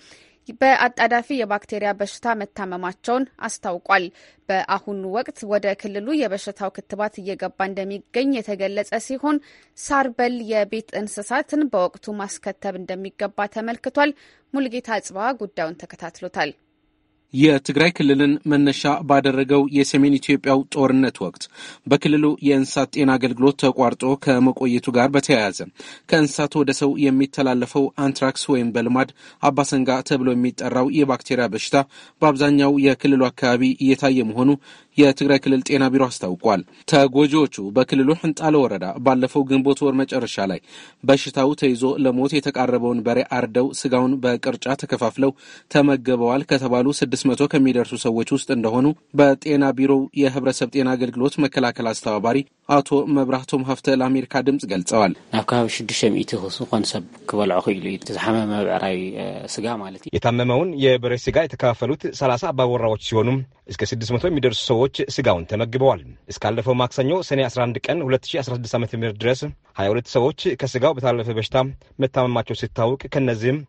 በአጣዳፊ የባክቴሪያ በሽታ መታመማቸውን አስታውቋል። በአሁኑ ወቅት ወደ ክልሉ የበሽታው ክትባት እየገባ እንደሚገኝ የተገለጸ ሲሆን ሳርበል የቤት እንስሳትን በወቅቱ ማስከተብ እንደሚገባ ተመልክቷል። ሙልጌታ ጽባ ጉዳዩን ተከታትሎታል። የትግራይ ክልልን መነሻ ባደረገው የሰሜን ኢትዮጵያው ጦርነት ወቅት በክልሉ የእንስሳት ጤና አገልግሎት ተቋርጦ ከመቆየቱ ጋር በተያያዘ ከእንስሳት ወደ ሰው የሚተላለፈው አንትራክስ ወይም በልማድ አባሰንጋ ተብሎ የሚጠራው የባክቴሪያ በሽታ በአብዛኛው የክልሉ አካባቢ እየታየ መሆኑ የትግራይ ክልል ጤና ቢሮ አስታውቋል። ተጎጂዎቹ በክልሉ ሕንጣለ ወረዳ ባለፈው ግንቦት ወር መጨረሻ ላይ በሽታው ተይዞ ለሞት የተቃረበውን በሬ አርደው ስጋውን በቅርጫ ተከፋፍለው ተመገበዋል ከተባሉ 600 ከሚደርሱ ሰዎች ውስጥ እንደሆኑ በጤና ቢሮው የህብረተሰብ ጤና አገልግሎት መከላከል አስተባባሪ አቶ መብራህቶም ሀፍተ ለአሜሪካ ድምፅ ገልጸዋል። ናብ ከባቢ 600 ዝኾን ሰብ ክበልዖ ክኢሉ እዩ ዝሓመመ ብዕራዊ ስጋ ማለት እዩ። የታመመውን የበሬ ስጋ የተከፋፈሉት 30 አባወራዎች ሲሆኑ እስከ 600 የሚደርሱ ሰዎች ሰዎች ስጋውን ተመግበዋል። እስካለፈው ማክሰኞ ሰኔ 11 ቀን 2016 ዓ ም ድረስ 22 ሰዎች ከስጋው በተላለፈ በሽታ መታመማቸው ሲታወቅ ከእነዚህም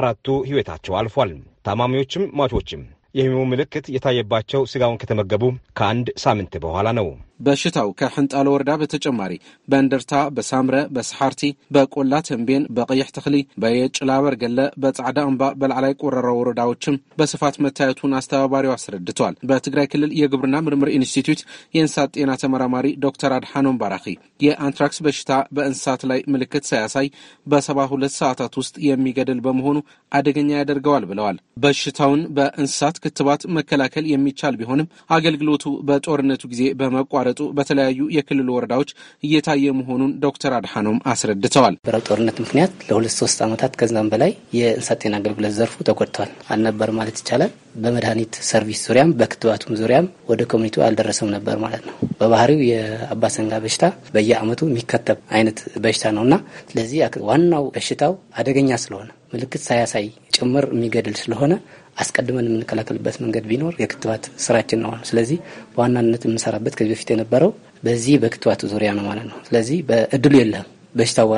አራቱ ህይወታቸው አልፏል። ታማሚዎችም ሟቾችም የህመሙ ምልክት የታየባቸው ስጋውን ከተመገቡ ከአንድ ሳምንት በኋላ ነው። በሽታው ከሕንጣሎ ወረዳ በተጨማሪ በእንደርታ፣ በሳምረ፣ በሰሓርቲ፣ በቆላ ተንቤን፣ በቀይሕ ተኽሊ፣ በየጭላበር ገለ፣ በጻዕዳ እምባ፣ በላዕላይ ቆረሮ ወረዳዎችም በስፋት መታየቱን አስተባባሪው አስረድተዋል። በትግራይ ክልል የግብርና ምርምር ኢንስቲትዩት የእንስሳት ጤና ተመራማሪ ዶክተር አድሓኖም ባራኺ የአንትራክስ በሽታ በእንስሳት ላይ ምልክት ሳያሳይ በሰባ ሁለት ሰዓታት ውስጥ የሚገድል በመሆኑ አደገኛ ያደርገዋል ብለዋል። በሽታውን በእንስሳት ክትባት መከላከል የሚቻል ቢሆንም አገልግሎቱ በጦርነቱ ጊዜ በመቋ መቋረጡ በተለያዩ የክልል ወረዳዎች እየታየ መሆኑን ዶክተር አድሃኖም አስረድተዋል። በረብ ጦርነት ምክንያት ለሁለት ሶስት ዓመታት ከዛም በላይ የእንስሳት ጤና አገልግሎት ዘርፉ ተጎድተዋል። አልነበር ማለት ይቻላል። በመድኃኒት ሰርቪስ ዙሪያም በክትባቱም ዙሪያም ወደ ኮሚኒቲው አልደረሰም ነበር ማለት ነው። በባህሪው የአባሰንጋ በሽታ በየዓመቱ የሚከተብ አይነት በሽታ ነውና ስለዚህ ዋናው በሽታው አደገኛ ስለሆነ ምልክት ሳያሳይ ጭምር የሚገድል ስለሆነ አስቀድመን የምንከላከልበት መንገድ ቢኖር የክትባት ስራችን ነው። ስለዚህ በዋናነት የምንሰራበት ከዚህ በፊት የነበረው በዚህ በክትባት ዙሪያ ነው ማለት ነው። ስለዚህ በእድሉ የለህም በሽታው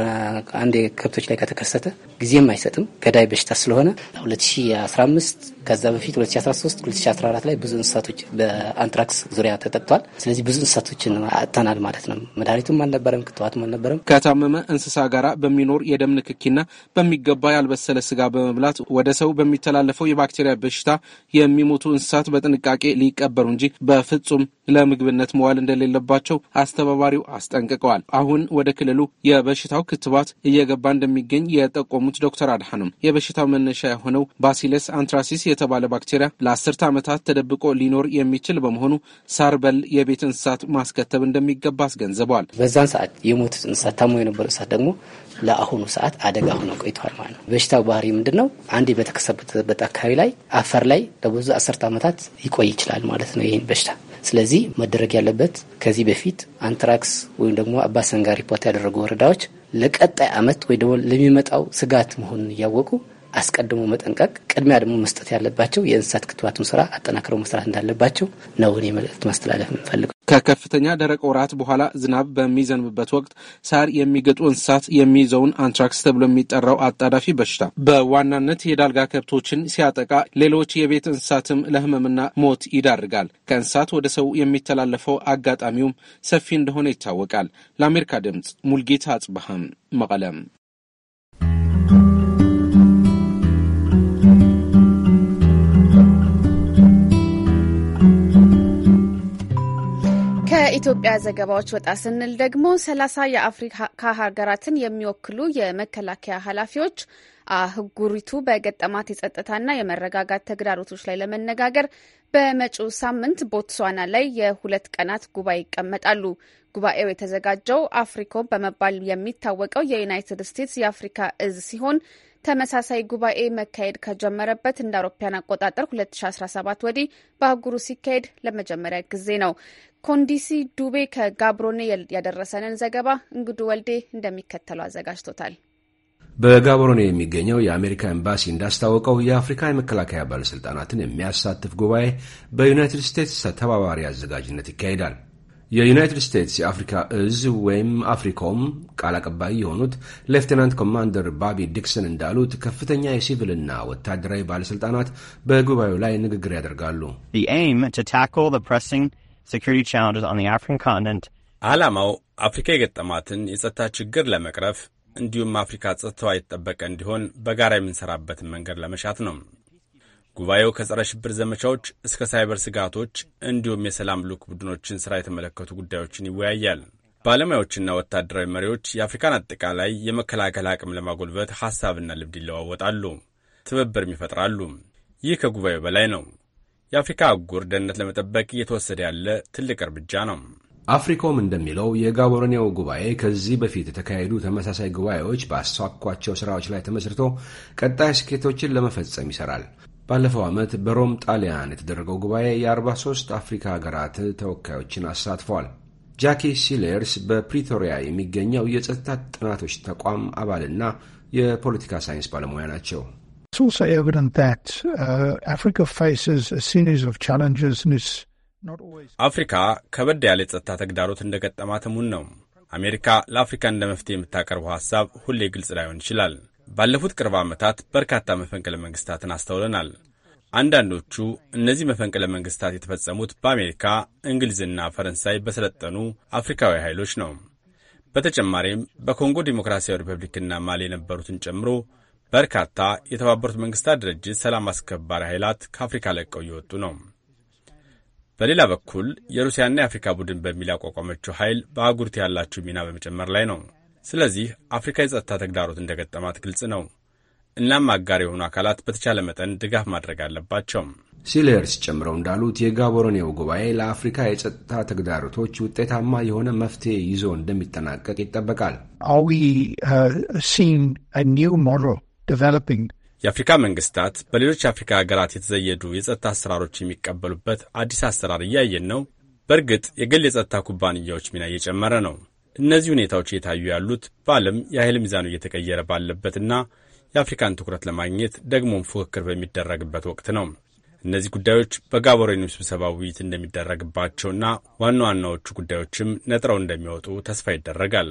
አንድ ከብቶች ላይ ከተከሰተ ጊዜም አይሰጥም። ገዳይ በሽታ ስለሆነ 2015 ከዛ በፊት 2013፣ 2014 ላይ ብዙ እንስሳቶች በአንትራክስ ዙሪያ ተጠቅቷል። ስለዚህ ብዙ እንስሳቶችን አጥተናል ማለት ነው። መድኃኒቱም አልነበረም፣ ክትዋትም አልነበረም። ከታመመ እንስሳ ጋራ በሚኖር የደም ንክኪና በሚገባ ያልበሰለ ስጋ በመብላት ወደ ሰው በሚተላለፈው የባክቴሪያ በሽታ የሚሞቱ እንስሳት በጥንቃቄ ሊቀበሩ እንጂ በፍጹም ለምግብነት መዋል እንደሌለባቸው አስተባባሪው አስጠንቅቀዋል። አሁን ወደ ክልሉ የ ለበሽታው ክትባት እየገባ እንደሚገኝ የጠቆሙት ዶክተር አድሃኖም የበሽታው መነሻ የሆነው ባሲለስ አንትራሲስ የተባለ ባክቴሪያ ለአስርተ ዓመታት ተደብቆ ሊኖር የሚችል በመሆኑ ሳር በል የቤት እንስሳት ማስከተብ እንደሚገባ አስገንዝበዋል። በዛን ሰዓት የሞቱት እንስሳት ታሞ የነበሩ እንስሳት ደግሞ ለአሁኑ ሰዓት አደጋ ሆነው ቆይተዋል ማለት ነው። በሽታው ባህሪ ምንድን ነው? አንዴ በተከሰተበት አካባቢ ላይ አፈር ላይ ለብዙ አስርተ ዓመታት ይቆይ ይችላል ማለት ነው። ይህን በሽታ ስለዚህ መደረግ ያለበት ከዚህ በፊት አንትራክስ ወይም ደግሞ አባሰንጋ ሪፖርት ያደረጉ ወረዳዎች ለቀጣይ ዓመት ወይ ደግሞ ለሚመጣው ስጋት መሆኑን እያወቁ አስቀድሞ መጠንቀቅ፣ ቅድሚያ ደግሞ መስጠት ያለባቸው የእንስሳት ክትባቱን ስራ አጠናክረው መስራት እንዳለባቸው ነው እኔ መልእክት ማስተላለፍ የምፈልገው። ከከፍተኛ ደረቅ ወራት በኋላ ዝናብ በሚዘንብበት ወቅት ሳር የሚገጡ እንስሳት የሚይዘውን አንትራክስ ተብሎ የሚጠራው አጣዳፊ በሽታ በዋናነት የዳልጋ ከብቶችን ሲያጠቃ ሌሎች የቤት እንስሳትም ለህመምና ሞት ይዳርጋል። ከእንስሳት ወደ ሰው የሚተላለፈው አጋጣሚውም ሰፊ እንደሆነ ይታወቃል። ለአሜሪካ ድምፅ ሙልጌታ አጽብሃም መቀለም ከኢትዮጵያ ዘገባዎች ወጣ ስንል ደግሞ ሰላሳ የአፍሪካ ሀገራትን የሚወክሉ የመከላከያ ኃላፊዎች አህጉሪቱ በገጠማት የጸጥታና የመረጋጋት ተግዳሮቶች ላይ ለመነጋገር በመጪው ሳምንት ቦትስዋና ላይ የሁለት ቀናት ጉባኤ ይቀመጣሉ። ጉባኤው የተዘጋጀው አፍሪኮም በመባል የሚታወቀው የዩናይትድ ስቴትስ የአፍሪካ እዝ ሲሆን ተመሳሳይ ጉባኤ መካሄድ ከጀመረበት እንደ አውሮፓውያን አቆጣጠር 2017 ወዲህ በአህጉሩ ሲካሄድ ለመጀመሪያ ጊዜ ነው። ኮንዲሲ ዱቤ ከጋብሮኔ ያደረሰንን ዘገባ እንግዱ ወልዴ እንደሚከተለው አዘጋጅቶታል። በጋብሮኔ የሚገኘው የአሜሪካ ኤምባሲ እንዳስታወቀው የአፍሪካ የመከላከያ ባለሥልጣናትን የሚያሳትፍ ጉባኤ በዩናይትድ ስቴትስ ተባባሪ አዘጋጅነት ይካሄዳል። የዩናይትድ ስቴትስ የአፍሪካ እዝ ወይም አፍሪኮም ቃል አቀባይ የሆኑት ሌፍትናንት ኮማንደር ባቢ ዲክሰን እንዳሉት ከፍተኛ የሲቪልና ወታደራዊ ባለሥልጣናት በጉባኤው ላይ ንግግር ያደርጋሉ። security challenges on the African continent. ዓላማው አፍሪካ የገጠማትን የጸጥታ ችግር ለመቅረፍ እንዲሁም አፍሪካ ጸጥታዋ የተጠበቀ እንዲሆን በጋራ የምንሰራበትን መንገድ ለመሻት ነው። ጉባኤው ከጸረ ሽብር ዘመቻዎች እስከ ሳይበር ስጋቶች እንዲሁም የሰላም ልዑክ ቡድኖችን ስራ የተመለከቱ ጉዳዮችን ይወያያል። ባለሙያዎችና ወታደራዊ መሪዎች የአፍሪካን አጠቃላይ የመከላከል አቅም ለማጎልበት ሐሳብና ልምድ ይለዋወጣሉ፣ ትብብርም ይፈጥራሉ። ይህ ከጉባኤው በላይ ነው። የአፍሪካ አህጉር ደህንነት ለመጠበቅ እየተወሰደ ያለ ትልቅ እርምጃ ነው። አፍሪኮም እንደሚለው የጋቦሮኒያው ጉባኤ ከዚህ በፊት የተካሄዱ ተመሳሳይ ጉባኤዎች ባሳኳቸው ስራዎች ላይ ተመስርቶ ቀጣይ ስኬቶችን ለመፈጸም ይሰራል። ባለፈው ዓመት በሮም ጣሊያን የተደረገው ጉባኤ የ43 አፍሪካ ሀገራት ተወካዮችን አሳትፏል። ጃኪ ሲሌርስ በፕሪቶሪያ የሚገኘው የጸጥታ ጥናቶች ተቋም አባልና የፖለቲካ ሳይንስ ባለሙያ ናቸው። It's also evident that uh, Africa faces a series of challenges in its አፍሪካ ከበድ ያለ የጸጥታ ተግዳሮት እንደገጠማት እሙን ነው። አሜሪካ ለአፍሪካ እንደ መፍትሄ የምታቀርበው ሐሳብ ሁሌ ግልጽ ላይሆን ይችላል። ባለፉት ቅርብ ዓመታት በርካታ መፈንቅለ መንግሥታትን አስተውለናል። አንዳንዶቹ እነዚህ መፈንቅለ መንግሥታት የተፈጸሙት በአሜሪካ እንግሊዝና ፈረንሳይ በሰለጠኑ አፍሪካዊ ኃይሎች ነው። በተጨማሪም በኮንጎ ዲሞክራሲያዊ ሪፐብሊክና ማሊ የነበሩትን ጨምሮ በርካታ የተባበሩት መንግስታት ድርጅት ሰላም አስከባሪ ኃይላት ከአፍሪካ ለቀው እየወጡ ነው። በሌላ በኩል የሩሲያና የአፍሪካ ቡድን በሚል ያቋቋመችው ኃይል በአህጉሪቱ ያላቸው ሚና በመጨመር ላይ ነው። ስለዚህ አፍሪካ የጸጥታ ተግዳሮት እንደገጠማት ግልጽ ነው። እናም አጋር የሆኑ አካላት በተቻለ መጠን ድጋፍ ማድረግ አለባቸው። ሲለርስ ጨምረው እንዳሉት የጋቦሮኔው ጉባኤ ለአፍሪካ የጸጥታ ተግዳሮቶች ውጤታማ የሆነ መፍትሄ ይዞ እንደሚጠናቀቅ ይጠበቃል። የአፍሪካ መንግስታት በሌሎች የአፍሪካ ሀገራት የተዘየዱ የጸጥታ አሰራሮች የሚቀበሉበት አዲስ አሰራር እያየን ነው። በእርግጥ የግል የጸጥታ ኩባንያዎች ሚና እየጨመረ ነው። እነዚህ ሁኔታዎች እየታዩ ያሉት በዓለም የኃይል ሚዛኑ እየተቀየረ ባለበትና የአፍሪካን ትኩረት ለማግኘት ደግሞም ፉክክር በሚደረግበት ወቅት ነው። እነዚህ ጉዳዮች በጋቦሬኑ ስብሰባ ውይይት እንደሚደረግባቸውና ዋና ዋናዎቹ ጉዳዮችም ነጥረው እንደሚወጡ ተስፋ ይደረጋል።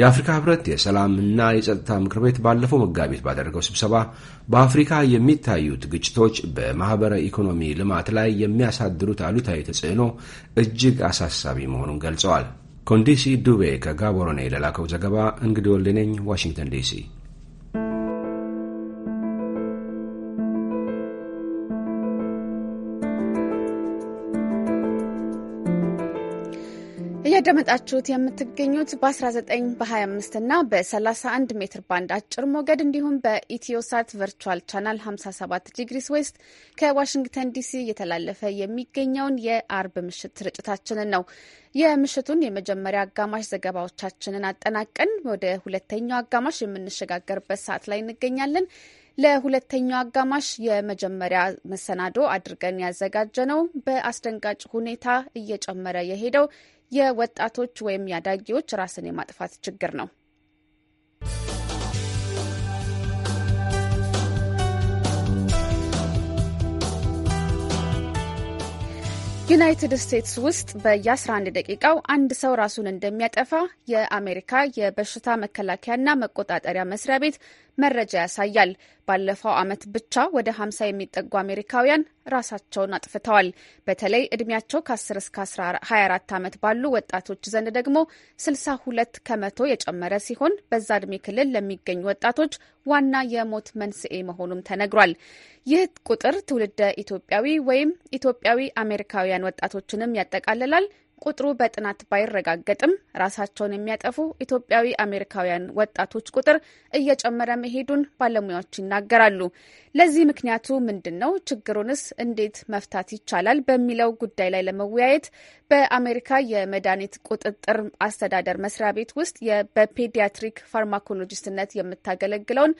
የአፍሪካ ህብረት የሰላምና የጸጥታ ምክር ቤት ባለፈው መጋቢት ባደረገው ስብሰባ በአፍሪካ የሚታዩት ግጭቶች በማኅበረ ኢኮኖሚ ልማት ላይ የሚያሳድሩት አሉታዊ ተጽዕኖ እጅግ አሳሳቢ መሆኑን ገልጸዋል። ኮንዲሲ ዱቤ ከጋቦሮኔ ለላከው ዘገባ እንግዲ ወልደነኝ ዋሽንግተን ዲሲ እያደመጣችሁት የምትገኙት በ19 በ25 እና በ31 ሜትር ባንድ አጭር ሞገድ እንዲሁም በኢትዮሳት ቨርቹዋል ቻናል 57 ዲግሪስ ዌስት ከዋሽንግተን ዲሲ እየተላለፈ የሚገኘውን የአርብ ምሽት ስርጭታችንን ነው። የምሽቱን የመጀመሪያ አጋማሽ ዘገባዎቻችንን አጠናቀን ወደ ሁለተኛው አጋማሽ የምንሸጋገርበት ሰዓት ላይ እንገኛለን። ለሁለተኛው አጋማሽ የመጀመሪያ መሰናዶ አድርገን ያዘጋጀ ነው በአስደንጋጭ ሁኔታ እየጨመረ የሄደው የወጣቶች ወይም ያዳጊዎች ራስን የማጥፋት ችግር ነው። ዩናይትድ ስቴትስ ውስጥ በየ11 ደቂቃው አንድ ሰው ራሱን እንደሚያጠፋ የአሜሪካ የበሽታ መከላከያና መቆጣጠሪያ መስሪያ ቤት መረጃ ያሳያል። ባለፈው ዓመት ብቻ ወደ 50 የሚጠጉ አሜሪካውያን ራሳቸውን አጥፍተዋል። በተለይ እድሜያቸው ከ10 እስከ 24 ዓመት ባሉ ወጣቶች ዘንድ ደግሞ 62 ከመቶ የጨመረ ሲሆን በዛ እድሜ ክልል ለሚገኙ ወጣቶች ዋና የሞት መንስኤ መሆኑም ተነግሯል። ይህ ቁጥር ትውልደ ኢትዮጵያዊ ወይም ኢትዮጵያዊ አሜሪካውያን ወጣቶችንም ያጠቃልላል። ቁጥሩ በጥናት ባይረጋገጥም ራሳቸውን የሚያጠፉ ኢትዮጵያዊ አሜሪካውያን ወጣቶች ቁጥር እየጨመረ መሄዱን ባለሙያዎች ይናገራሉ። ለዚህ ምክንያቱ ምንድን ነው? ችግሩንስ እንዴት መፍታት ይቻላል? በሚለው ጉዳይ ላይ ለመወያየት በአሜሪካ የመድኃኒት ቁጥጥር አስተዳደር መስሪያ ቤት ውስጥ በፔዲያትሪክ ፋርማኮሎጂስትነት የምታገለግለውን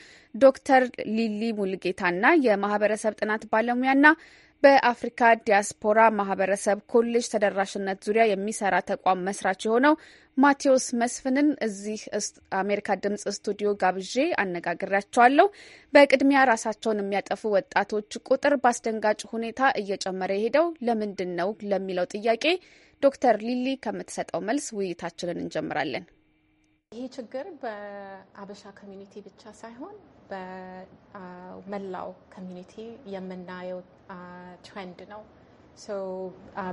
ዶክተር ሊሊ ሙልጌታና የማህበረሰብ ጥናት ባለሙያና በአፍሪካ ዲያስፖራ ማህበረሰብ ኮሌጅ ተደራሽነት ዙሪያ የሚሰራ ተቋም መስራች የሆነው ማቴዎስ መስፍንን እዚህ አሜሪካ ድምጽ ስቱዲዮ ጋብዤ አነጋግሬያቸዋለሁ። በቅድሚያ ራሳቸውን የሚያጠፉ ወጣቶች ቁጥር በአስደንጋጭ ሁኔታ እየጨመረ የሄደው ለምንድን ነው ለሚለው ጥያቄ ዶክተር ሊሊ ከምትሰጠው መልስ ውይይታችንን እንጀምራለን። ይሄ ችግር በአበሻ ኮሚኒቲ ብቻ ሳይሆን በመላው ኮሚኒቲ የምናየው ትሬንድ ነው።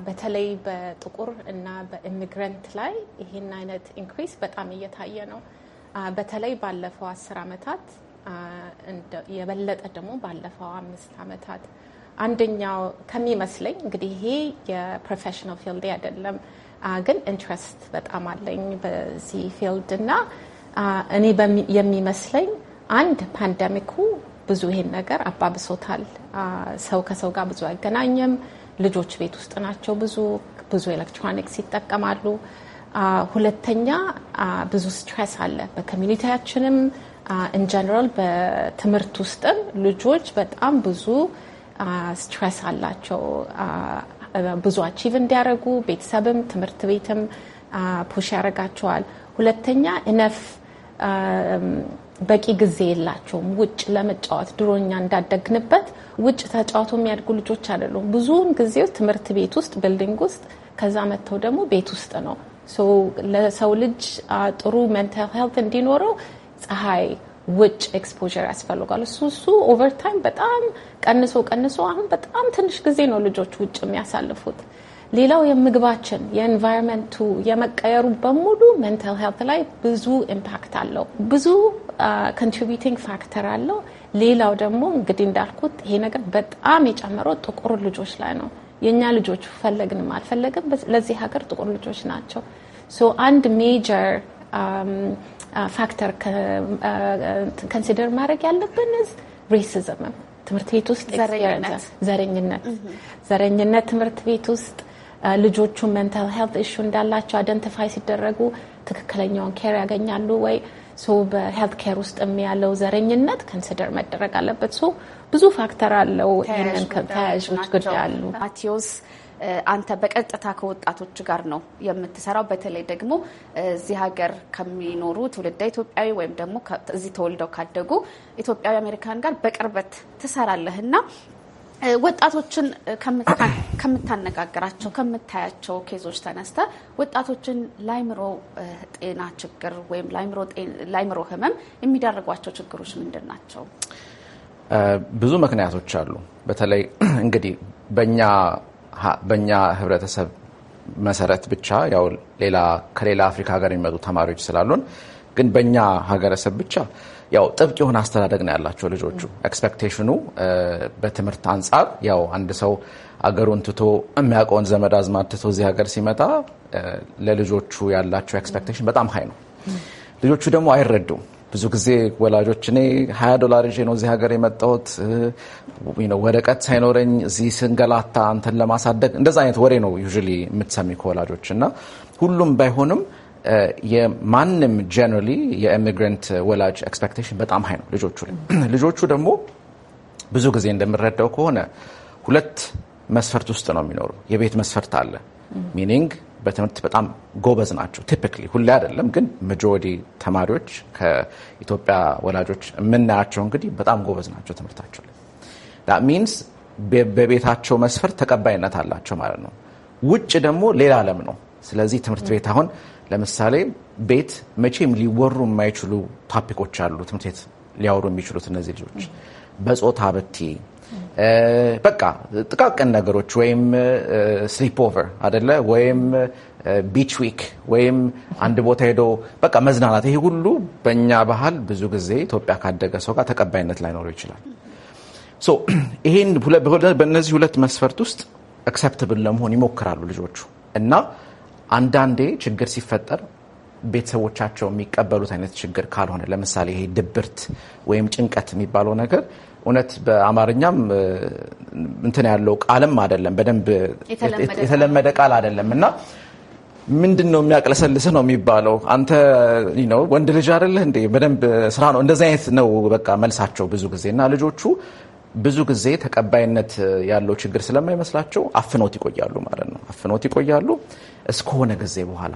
በተለይ በጥቁር እና በኢሚግረንት ላይ ይህን አይነት ኢንክሪስ በጣም እየታየ ነው። በተለይ ባለፈው አስር አመታት የበለጠ ደግሞ ባለፈው አምስት አመታት አንደኛው ከሚመስለኝ እንግዲህ ይሄ የፕሮፌሽናል ፊልድ አይደለም ግን ኢንትረስት በጣም አለኝ በዚህ ፊልድ እና እኔ የሚመስለኝ አንድ ፓንደሚኩ ብዙ ይሄን ነገር አባብሶታል። ሰው ከሰው ጋር ብዙ አይገናኝም። ልጆች ቤት ውስጥ ናቸው። ብዙ ብዙ ኤሌክትሮኒክስ ይጠቀማሉ። ሁለተኛ ብዙ ስትሬስ አለ በኮሚኒቲያችንም ጀነራል በትምህርት ውስጥም ልጆች በጣም ብዙ ስትሬስ አላቸው። ብዙ አቺቭ እንዲያደርጉ ቤተሰብም ትምህርት ቤትም ፑሽ ያደርጋቸዋል። ሁለተኛ እነፍ በቂ ጊዜ የላቸውም ውጭ ለመጫወት። ድሮኛ እንዳደግንበት ውጭ ተጫውቶ የሚያድጉ ልጆች አይደሉም። ብዙውን ጊዜ ትምህርት ቤት ውስጥ ቢልዲንግ ውስጥ፣ ከዛ መጥተው ደግሞ ቤት ውስጥ ነው። ለሰው ልጅ ጥሩ ሜንታል ሄልት እንዲኖረው ፀሐይ ውጭ ኤክስፖዠር ያስፈልጓል። እሱ እሱ ኦቨርታይም በጣም ቀንሶ ቀንሶ አሁን በጣም ትንሽ ጊዜ ነው ልጆች ውጭ የሚያሳልፉት። ሌላው የምግባችን የኤንቫይሮንመንቱ የመቀየሩ በሙሉ ሜንታል ሄልት ላይ ብዙ ኢምፓክት አለው። ብዙ ኮንትሪቢቲንግ ፋክተር አለው። ሌላው ደግሞ እንግዲህ እንዳልኩት ይሄ ነገር በጣም የጨመረው ጥቁር ልጆች ላይ ነው። የእኛ ልጆች ፈለግንም አልፈለግም ለዚህ ሀገር ጥቁር ልጆች ናቸው። ሶ አንድ ሜጀር ፋክተር ከንሲደር ማድረግ ያለብን ሬሲዝም ትምህርት ቤት ውስጥ ዘረኝነት ዘረኝነት ትምህርት ቤት ውስጥ ልጆቹ መንታል ሄልት ኢሹ እንዳላቸው አደንቲፋይ ሲደረጉ ትክክለኛውን ኬር ያገኛሉ ወይ? ሰው በሄልት ኬር ውስጥ የሚያለው ዘረኝነት ከንስደር መደረግ አለበት። ብዙ ፋክተር አለው። ይህንን ተያያዦች ጉዳይ አሉ። ማቴዎስ አንተ በቀጥታ ከወጣቶች ጋር ነው የምትሰራው። በተለይ ደግሞ እዚህ ሀገር ከሚኖሩ ትውልደ ኢትዮጵያዊ ወይም ደግሞ እዚህ ተወልደው ካደጉ ኢትዮጵያዊ አሜሪካን ጋር በቅርበት ትሰራለህ እና ወጣቶችን ከምታነጋግራቸው ከምታያቸው ኬዞች ተነስተ ወጣቶችን ለአይምሮ ጤና ችግር ወይም ለአይምሮ ህመም የሚዳርጓቸው ችግሮች ምንድን ናቸው? ብዙ ምክንያቶች አሉ። በተለይ እንግዲህ በእኛ በእኛ ህብረተሰብ መሰረት ብቻ ያው ሌላ ከሌላ አፍሪካ ሀገር የሚመጡ ተማሪዎች ስላሉን ግን በእኛ ሀገረሰብ ብቻ ያው ጥብቅ የሆነ አስተዳደግ ነው ያላቸው ልጆቹ። ኤክስፔክቴሽኑ በትምህርት አንጻር ያው አንድ ሰው አገሩን ትቶ የሚያውቀውን ዘመድ አዝማድ ትቶ እዚህ ሀገር ሲመጣ ለልጆቹ ያላቸው ኤክስፔክቴሽን በጣም ሀይ ነው። ልጆቹ ደግሞ አይረዱም። ብዙ ጊዜ ወላጆች እኔ ሀያ ዶላር ይዤ ነው እዚህ ሀገር የመጣሁት ወረቀት ሳይኖረኝ እዚህ ስንገላታ አንተን ለማሳደግ እንደዛ አይነት ወሬ ነው ዩዥሊ የምትሰሚ ከወላጆች እና ሁሉም ባይሆንም የማንም ጀነራሊ የኢሚግራንት ወላጅ ኤክስፔክቴሽን በጣም ሀይ ነው ልጆቹ ላይ። ልጆቹ ደግሞ ብዙ ጊዜ እንደምረዳው ከሆነ ሁለት መስፈርት ውስጥ ነው የሚኖሩ። የቤት መስፈርት አለ። ሚኒንግ በትምህርት በጣም ጎበዝ ናቸው። ቲፒክሊ ሁሌ አይደለም ግን መጆሪቲ ተማሪዎች ከኢትዮጵያ ወላጆች የምናያቸው እንግዲህ በጣም ጎበዝ ናቸው ትምህርታቸው ላይ ዳት ሚንስ በቤታቸው መስፈርት ተቀባይነት አላቸው ማለት ነው። ውጭ ደግሞ ሌላ ዓለም ነው። ስለዚህ ትምህርት ቤት አሁን ለምሳሌ ቤት መቼም ሊወሩ የማይችሉ ታፒኮች አሉ። ትምህርት ቤት ሊያወሩ የሚችሉት እነዚህ ልጆች በጾታ ብቲ በቃ ጥቃቅን ነገሮች ወይም ኦቨር አደለ ወይም ቢች ዊክ ወይም አንድ ቦታ ሄዶ በቃ መዝናናት፣ ይሄ ሁሉ በእኛ ባህል ብዙ ጊዜ ኢትዮጵያ ካደገ ሰው ጋር ተቀባይነት ላይኖረው ይችላል። ይህን በእነዚህ ሁለት መስፈርት ውስጥ አክሰፕትብል ለመሆን ይሞክራሉ ልጆቹ እና አንዳንዴ ችግር ሲፈጠር ቤተሰቦቻቸው የሚቀበሉት አይነት ችግር ካልሆነ ለምሳሌ ይሄ ድብርት ወይም ጭንቀት የሚባለው ነገር እውነት በአማርኛም እንትን ያለው ቃልም አይደለም፣ በደንብ የተለመደ ቃል አይደለም እና ምንድን ነው የሚያቅለሰልስ ነው የሚባለው? አንተ ነው ወንድ ልጅ አይደለህ እንዴ? በደንብ ስራ ነው እንደዚህ አይነት ነው በቃ መልሳቸው ብዙ ጊዜ እና ልጆቹ ብዙ ጊዜ ተቀባይነት ያለው ችግር ስለማይመስላቸው አፍኖት ይቆያሉ ማለት ነው። አፍኖት ይቆያሉ እስከሆነ ጊዜ በኋላ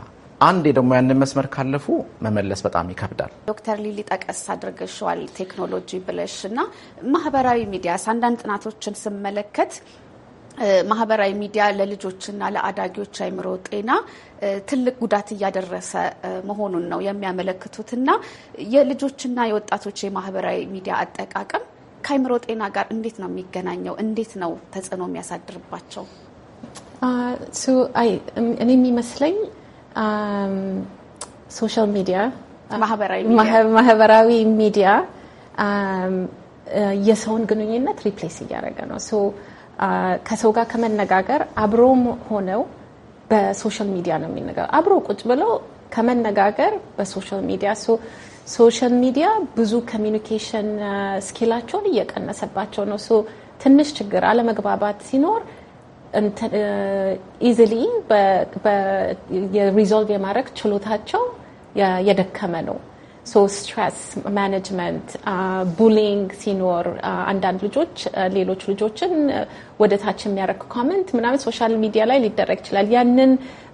አንዴ ደግሞ ያንን መስመር ካለፉ መመለስ በጣም ይከብዳል። ዶክተር ሊሊ ጠቀስ አድርገሸዋል ቴክኖሎጂ ብለሽ እና ማህበራዊ ሚዲያስ አንዳንድ ጥናቶችን ስመለከት ማህበራዊ ሚዲያ ለልጆችና ለአዳጊዎች አይምሮ ጤና ትልቅ ጉዳት እያደረሰ መሆኑን ነው የሚያመለክቱት እና የልጆችና የወጣቶች የማህበራዊ ሚዲያ አጠቃቀም ከአይምሮ ጤና ጋር እንዴት ነው የሚገናኘው? እንዴት ነው ተጽዕኖ የሚያሳድርባቸው? እኔ የሚመስለኝ ሶሻል um, uh, ሚዲያ ማህበራዊ ሚዲያ um, uh, የሰውን ግንኙነት ሪፕሌስ እያደረገ ነው። uh, ከሰው ጋር ከመነጋገር አብሮም ሆነው በሶሻል ሚዲያ ነው የሚነጋገር አብሮ ቁጭ ብለው ከመነጋገር በሶሻል ሚዲያ ሶሻል ሚዲያ ብዙ ኮሚኒኬሽን ስኪላቸውን እየቀነሰባቸው ነው። ትንሽ ችግር አለመግባባት ሲኖር ኢዝሊ የሪዞልቭ የማድረግ ችሎታቸው የደከመ ነው። ሶ ስትረስ ማኔጅመንት፣ ቡሊንግ ሲኖር አንዳንድ ልጆች ሌሎች ልጆችን ወደ ታች የሚያደርግ ኮመንት ምናምን ሶሻል ሚዲያ ላይ ሊደረግ ይችላል። ያንን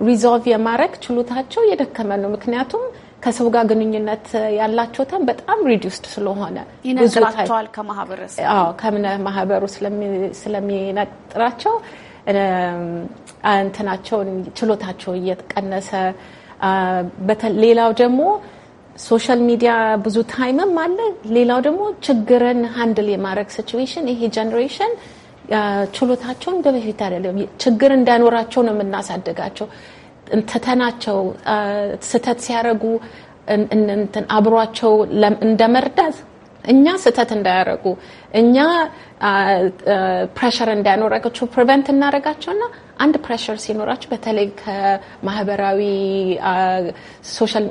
ሪዞልቭ የማድረግ ችሎታቸው የደከመ ነው። ምክንያቱም ከሰው ጋር ግንኙነት ያላቸው ታም በጣም ሪዲስድ ስለሆነ ይነጥራቸዋል ከማህበረሰብ ከምነ ማህበሩ ስለሚነጥራቸው እንትናቸውን ችሎታቸው እየቀነሰ ሌላው ደግሞ ሶሻል ሚዲያ ብዙ ታይምም አለ። ሌላው ደግሞ ችግርን ሀንድል የማድረግ ሲትዌሽን ይሄ ጀኔሬሽን ችሎታቸውን እንደበፊት አይደለም። ችግር እንዳይኖራቸው ነው የምናሳደጋቸው። ትተናቸው ስህተት ሲያደርጉ አብሯቸው እንደመርዳት እኛ ስህተት እንዳያደረጉ እኛ ፕሬሽር እንዳያኖራቸው ፕሪቨንት ና አንድ ፕሬሽር ሲኖራቸው በተለይ ከማህበራዊ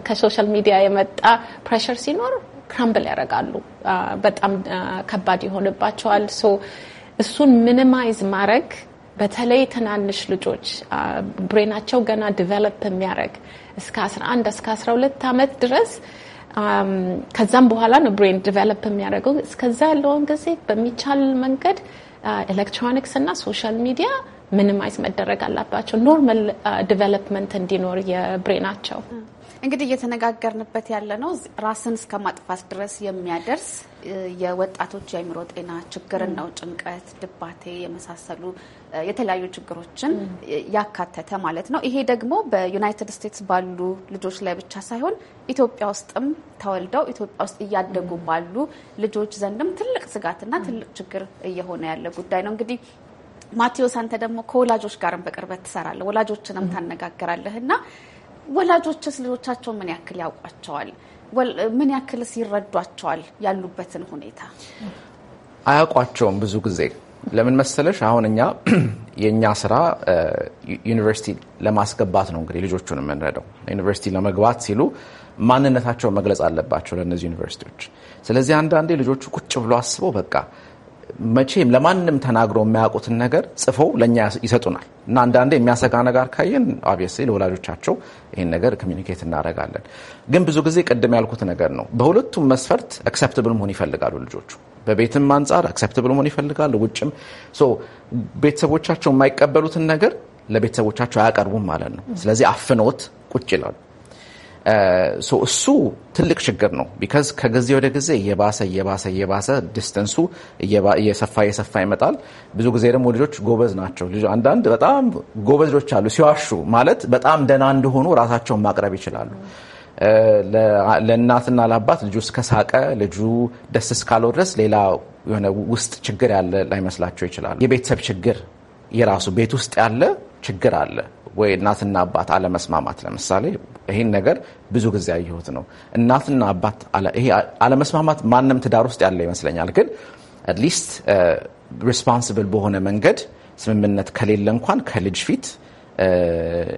ከሶሻል ሚዲያ የመጣ ፕሬሽር ሲኖር ክራምብል ያደርጋሉ። በጣም ከባድ ይሆንባቸዋል። ሶ እሱን ሚኒማይዝ ማድረግ በተለይ ትናንሽ ልጆች ብሬናቸው ገና ዲቨሎፕ የሚያደርግ እስከ 11 እስከ 12 ዓመት ድረስ Um, ከዛም በኋላ ነው ብሬን ዲቨሎፕ የሚያደርገው። እስከዛ ያለውን ጊዜ በሚቻል መንገድ ኤሌክትሮኒክስ uh, እና ሶሻል ሚዲያ ሚኒማይዝ መደረግ አላባቸው፣ ኖርማል ዲቨሎፕመንት እንዲኖር የብሬናቸው። እንግዲህ እየተነጋገርንበት ያለ ነው ራስን እስከ ማጥፋት ድረስ የሚያደርስ የወጣቶች የአእምሮ ጤና ችግርን ነው። ጭንቀት፣ ድባቴ የመሳሰሉ የተለያዩ ችግሮችን ያካተተ ማለት ነው። ይሄ ደግሞ በዩናይትድ ስቴትስ ባሉ ልጆች ላይ ብቻ ሳይሆን ኢትዮጵያ ውስጥም ተወልደው ኢትዮጵያ ውስጥ እያደጉ ባሉ ልጆች ዘንድም ትልቅ ስጋትና ትልቅ ችግር እየሆነ ያለ ጉዳይ ነው። እንግዲህ ማቴዎስ፣ አንተ ደግሞ ከወላጆች ጋርም በቅርበት ትሰራለህ፣ ወላጆችንም ታነጋግራለህ እና ወላጆችስ ልጆቻቸው ምን ያክል ያውቋቸዋል? ምን ያክልስ ይረዷቸዋል? ያሉበትን ሁኔታ አያውቋቸውም ብዙ ጊዜ ለምን መሰለሽ አሁን እኛ የእኛ ስራ ዩኒቨርሲቲ ለማስገባት ነው እንግዲህ ልጆቹን የምንረዳው። ዩኒቨርሲቲ ለመግባት ሲሉ ማንነታቸው መግለጽ አለባቸው ለእነዚህ ዩኒቨርሲቲዎች። ስለዚህ አንዳንዴ ልጆቹ ቁጭ ብሎ አስበው በቃ መቼም ለማንም ተናግረው የሚያውቁትን ነገር ጽፈው ለእኛ ይሰጡናል እና አንዳንዴ የሚያሰጋ ነገር ካየን አብስ ለወላጆቻቸው ይህን ነገር ኮሚኒኬት እናደርጋለን። ግን ብዙ ጊዜ ቅድም ያልኩት ነገር ነው። በሁለቱም መስፈርት አክሰፕትብል መሆን ይፈልጋሉ ልጆቹ። በቤትም አንጻር አክሰፕትብል መሆን ይፈልጋሉ፣ ውጭም ቤተሰቦቻቸው የማይቀበሉትን ነገር ለቤተሰቦቻቸው አያቀርቡም ማለት ነው። ስለዚህ አፍኖት ቁጭ ይላሉ። እሱ ትልቅ ችግር ነው። ቢካዝ ከጊዜ ወደ ጊዜ እየባሰ እየባሰ እየባሰ ዲስተንሱ እየሰፋ እየሰፋ ይመጣል። ብዙ ጊዜ ደግሞ ልጆች ጎበዝ ናቸው። አንዳንድ በጣም ጎበዝ ልጆች አሉ። ሲዋሹ ማለት በጣም ደህና እንደሆኑ ራሳቸውን ማቅረብ ይችላሉ። ለእናትና ለአባት ልጁ እስከሳቀ ልጁ ደስ እስካለው ድረስ ሌላ የሆነ ውስጥ ችግር ያለ ላይመስላቸው ይችላሉ። የቤተሰብ ችግር የራሱ ቤት ውስጥ ያለ ችግር አለ ወይ እናትና አባት አለመስማማት ለምሳሌ ይህን ነገር ብዙ ጊዜ ያየሁት ነው። እናትና አባት አለመስማማት ማንም ትዳር ውስጥ ያለ ይመስለኛል። ግን አትሊስት ሪስፖንስብል uh, በሆነ መንገድ ስምምነት ከሌለ እንኳን ከልጅ ፊት uh,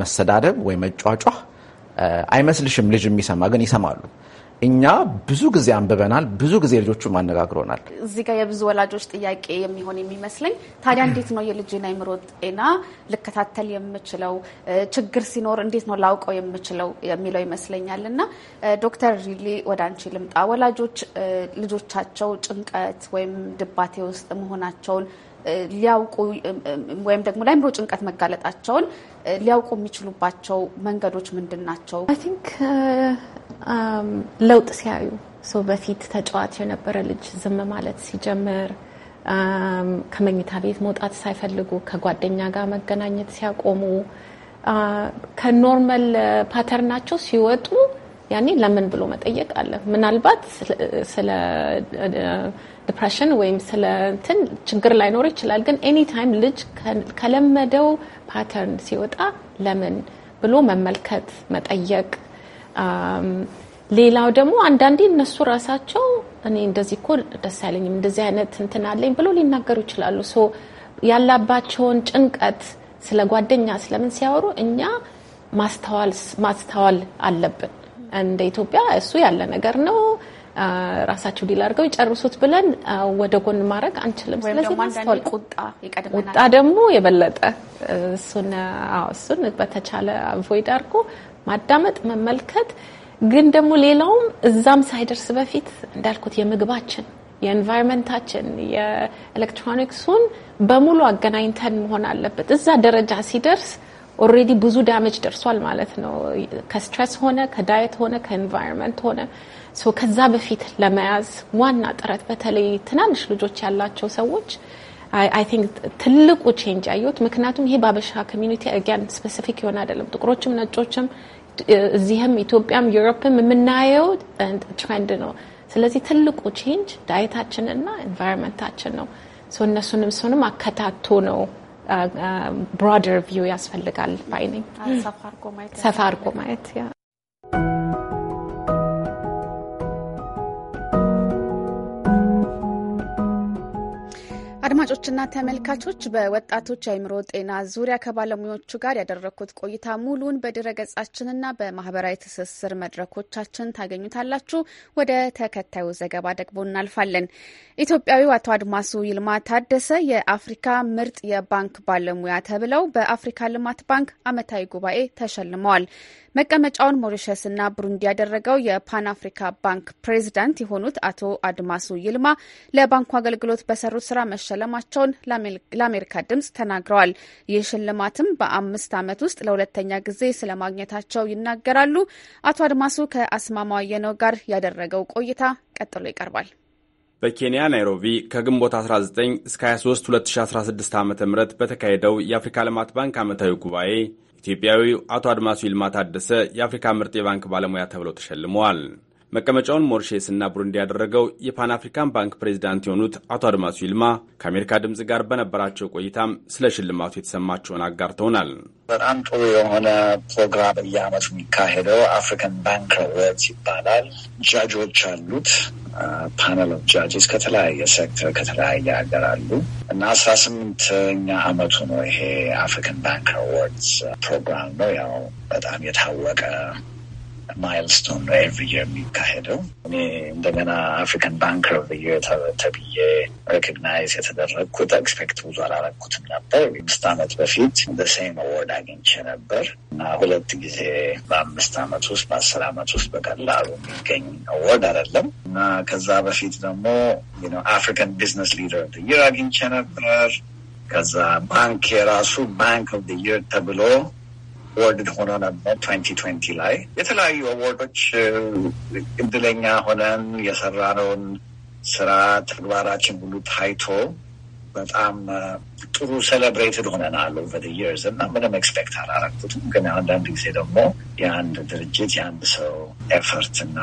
መሰዳደብ ወይ መጫጫህ uh, አይመስልሽም። ልጅ የሚሰማ ግን ይሰማሉ። እኛ ብዙ ጊዜ አንብበናል፣ ብዙ ጊዜ ልጆቹም አነጋግሮናል። እዚህ ጋር የብዙ ወላጆች ጥያቄ የሚሆን የሚመስለኝ ታዲያ እንዴት ነው የልጅን አይምሮ ጤና ልከታተል የምችለው? ችግር ሲኖር እንዴት ነው ላውቀው የምችለው የሚለው ይመስለኛል። እና ዶክተር ሪሊ ወደ አንቺ ልምጣ። ወላጆች ልጆቻቸው ጭንቀት ወይም ድባቴ ውስጥ መሆናቸውን ሊያውቁ ወይም ደግሞ ለአእምሮ ጭንቀት መጋለጣቸውን ሊያውቁ የሚችሉባቸው መንገዶች ምንድን ናቸው? አይ ቲንክ um, ለውጥ ሲያዩ ሰው በፊት ተጫዋች የነበረ ልጅ ዝም ማለት ሲጀምር፣ um, ከመኝታ ቤት መውጣት ሳይፈልጉ ከጓደኛ ጋር መገናኘት ሲያቆሙ፣ uh, ከኖርማል ፓተርናቸው ሲወጡ ያኔ ለምን ብሎ መጠየቅ አለ። ምናልባት ስለ ዲፕሬሽን ወይም ስለ እንትን ችግር ላይኖር ይችላል። ግን ኤኒ ታይም ልጅ ከለመደው ፓተርን ሲወጣ ለምን ብሎ መመልከት፣ መጠየቅ። ሌላው ደግሞ አንዳንዴ እነሱ ራሳቸው እኔ እንደዚህ እኮ ደስ አይለኝም እንደዚህ አይነት እንትን አለኝ ብሎ ሊናገሩ ይችላሉ። ሶ ያላባቸውን ጭንቀት ስለ ጓደኛ ስለምን ሲያወሩ እኛ ማስተዋል አለብን። እንደ ኢትዮጵያ እሱ ያለ ነገር ነው። ራሳቸው ዲል አድርገው ይጨርሱት ብለን ወደ ጎን ማድረግ አንችልም። ስለዚህ ቁጣ ደግሞ የበለጠ እሱን እሱን በተቻለ ቮይድ አድርጎ ማዳመጥ መመልከት፣ ግን ደግሞ ሌላውም እዛም ሳይደርስ በፊት እንዳልኩት የምግባችን የኤንቫይሮንመንታችን የኤሌክትሮኒክሱን በሙሉ አገናኝተን መሆን አለበት። እዛ ደረጃ ሲደርስ ኦልሬዲ ብዙ ዳሜጅ ደርሷል ማለት ነው። ከስትረስ ሆነ ከዳየት ሆነ ከኤንቫይሮንመንት ሆነ ሶ ከዛ በፊት ለመያዝ ዋና ጥረት በተለይ ትናንሽ ልጆች ያላቸው ሰዎች አይ ቲንክ ትልቁ ቼንጅ ያየሁት ምክንያቱም ይሄ በአበሻ ኮሚኒቲ አጋን ስፔሲፊክ የሆነ አይደለም። ጥቁሮችም ነጮችም፣ እዚህም ኢትዮጵያም ዩሮፕም የምናየው ትሬንድ ነው። ስለዚህ ትልቁ ቼንጅ ዳየታችንና ኤንቫይሮንመንታችን ነው። እነሱንም እሱንም አከታቶ ነው ብሮደር uh, ቪው uh, ያስፈልጋል ባይ ነኝ። ሰፋ አድርጎ ማየት አድማጮችና ተመልካቾች በወጣቶች አይምሮ ጤና ዙሪያ ከባለሙያዎቹ ጋር ያደረግኩት ቆይታ ሙሉን በድረገጻችንና በማህበራዊ ትስስር መድረኮቻችን ታገኙታላችሁ። ወደ ተከታዩ ዘገባ ደግሞ እናልፋለን። ኢትዮጵያዊው አቶ አድማሱ ይልማ ታደሰ የአፍሪካ ምርጥ የባንክ ባለሙያ ተብለው በአፍሪካ ልማት ባንክ ዓመታዊ ጉባኤ ተሸልመዋል። መቀመጫውን ሞሪሸስና ብሩንዲ ያደረገው የፓን አፍሪካ ባንክ ፕሬዚዳንት የሆኑት አቶ አድማሱ ይልማ ለባንኩ አገልግሎት በሰሩት ስራ መሸለማቸውን ለአሜሪካ ድምጽ ተናግረዋል። ይህ ሽልማትም በአምስት ዓመት ውስጥ ለሁለተኛ ጊዜ ስለማግኘታቸው ይናገራሉ። አቶ አድማሱ ከአስማማው አየነው ጋር ያደረገው ቆይታ ቀጥሎ ይቀርባል። በኬንያ ናይሮቢ ከግንቦት 19 እስከ 23 2016 ዓ ም በተካሄደው የአፍሪካ ልማት ባንክ ዓመታዊ ጉባኤ ኢትዮጵያዊው አቶ አድማሱ ይልማ ታደሰ የአፍሪካ ምርጥ የባንክ ባለሙያ ተብለው ተሸልመዋል። መቀመጫውን ሞርሼስ እና ቡሩንዲ ያደረገው የፓን አፍሪካን ባንክ ፕሬዚዳንት የሆኑት አቶ አድማሱ ይልማ ከአሜሪካ ድምፅ ጋር በነበራቸው ቆይታም ስለ ሽልማቱ የተሰማቸውን አጋርተውናል። በጣም ጥሩ የሆነ ፕሮግራም በየዓመቱ የሚካሄደው አፍሪካን ባንክ ወርት ይባላል። ጃጆች አሉት ፓነል ኦፍ ጃጅስ ከተለያየ ሴክተር ከተለያየ ሀገር አሉ እና አስራ ስምንተኛ አመቱ ነው ይሄ አፍሪካን ባንክ አዋርድስ ፕሮግራም ነው። ያው በጣም የታወቀ ማይልስቶን ነው ኤቭሪ የር የሚካሄደው። እኔ እንደገና አፍሪካን ባንከር ኦፍ የር ተብዬ ሬኮግናይዝ የተደረግኩት ኤክስፔክት ብዙ አላረግኩትም ነበር። አምስት ዓመት በፊት ሴም አዋርድ አግኝቼ ነበር እና ሁለት ጊዜ በአምስት ዓመት ውስጥ በአስር ዓመት ውስጥ በቀላሉ የሚገኝ አዋርድ አይደለም እና ከዛ በፊት ደግሞ አፍሪካን ቢዝነስ ሊደር ኦፍ የር አግኝቼ ነበር። ከዛ ባንክ የራሱ ባንክ ኦፍ የር ተብሎ ወርድድ ሆኖ ነበር ትንቲ ትንቲ ላይ የተለያዩ አዋርዶች እድለኛ ሆነን የሰራነውን ስራ ተግባራችን ሁሉ ታይቶ በጣም ጥሩ ሴሌብሬትድ ሆነናል ኦቨር ዘ ይርስ እና ምንም ኤክስፔክት አላረኩትም። ግን አንዳንድ ጊዜ ደግሞ የአንድ ድርጅት የአንድ ሰው ኤፈርት እና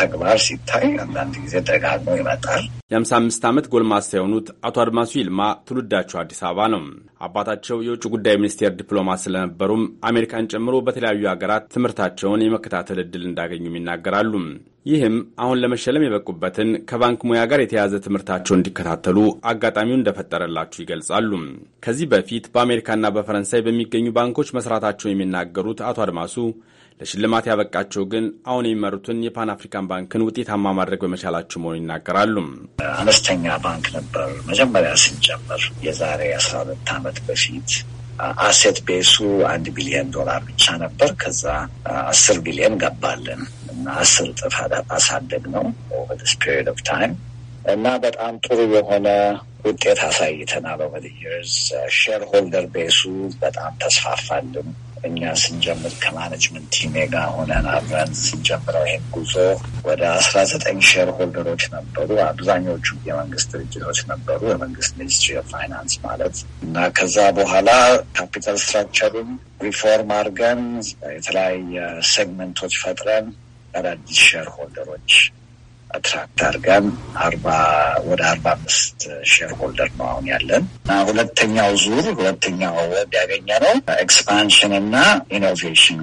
ተግባር ሲታይ አንዳንድ ጊዜ ደጋግሞ ይመጣል። የ55 ዓመት ጎልማሳ የሆኑት አቶ አድማሱ ይልማ ትውልዳቸው አዲስ አበባ ነው። አባታቸው የውጭ ጉዳይ ሚኒስቴር ዲፕሎማት ስለነበሩም አሜሪካን ጨምሮ በተለያዩ ሀገራት ትምህርታቸውን የመከታተል እድል እንዳገኙም ይናገራሉ። ይህም አሁን ለመሸለም የበቁበትን ከባንክ ሙያ ጋር የተያያዘ ትምህርታቸውን እንዲከታተሉ አጋጣሚውን እንደፈጠረላችሁ ይገልጻሉ። ከዚህ በፊት በአሜሪካና በፈረንሳይ በሚገኙ ባንኮች መስራታቸውን የሚናገሩት አቶ አድማሱ ለሽልማት ያበቃቸው ግን አሁን የሚመሩትን የፓን አፍሪካን ባንክን ውጤታማ ማድረግ በመቻላቸው መሆኑን ይናገራሉ። አነስተኛ ባንክ ነበር መጀመሪያ ስንጀምር የዛሬ አስራ ሁለት አመት በፊት አሴት ቤሱ አንድ ቢሊዮን ዶላር ብቻ ነበር። ከዛ አስር ቢሊዮን ገባልን እና አስር እጥፍ አሳደግ ነው። ኦቨር ዲስ ፒሪድ ኦፍ ታይም እና በጣም ጥሩ የሆነ ውጤት አሳይተናል። ኦቨርየርስ ሼር ሆልደር ቤሱ በጣም ተስፋፋልም። እኛ ስንጀምር ከማኔጅመንት ቲሜ ጋር ሆነን አብረን ስንጀምረው ይህን ጉዞ ወደ አስራ ዘጠኝ ሼር ሆልደሮች ነበሩ። አብዛኛዎቹ የመንግስት ድርጅቶች ነበሩ፣ የመንግስት ሚኒስትሪ ኦፍ ፋይናንስ ማለት እና ከዛ በኋላ ካፒታል ስትራክቸሩን ሪፎርም አድርገን የተለያየ ሴግመንቶች ፈጥረን አዳዲስ ሼር ሆልደሮች ትራክት አድርገን አርባ ወደ አርባ አምስት ሼር ሆልደር ነው አሁን ያለን እና ሁለተኛው ዙር ሁለተኛው ወብ ያገኘ ነው ኤክስፓንሽን እና ኢኖቬሽን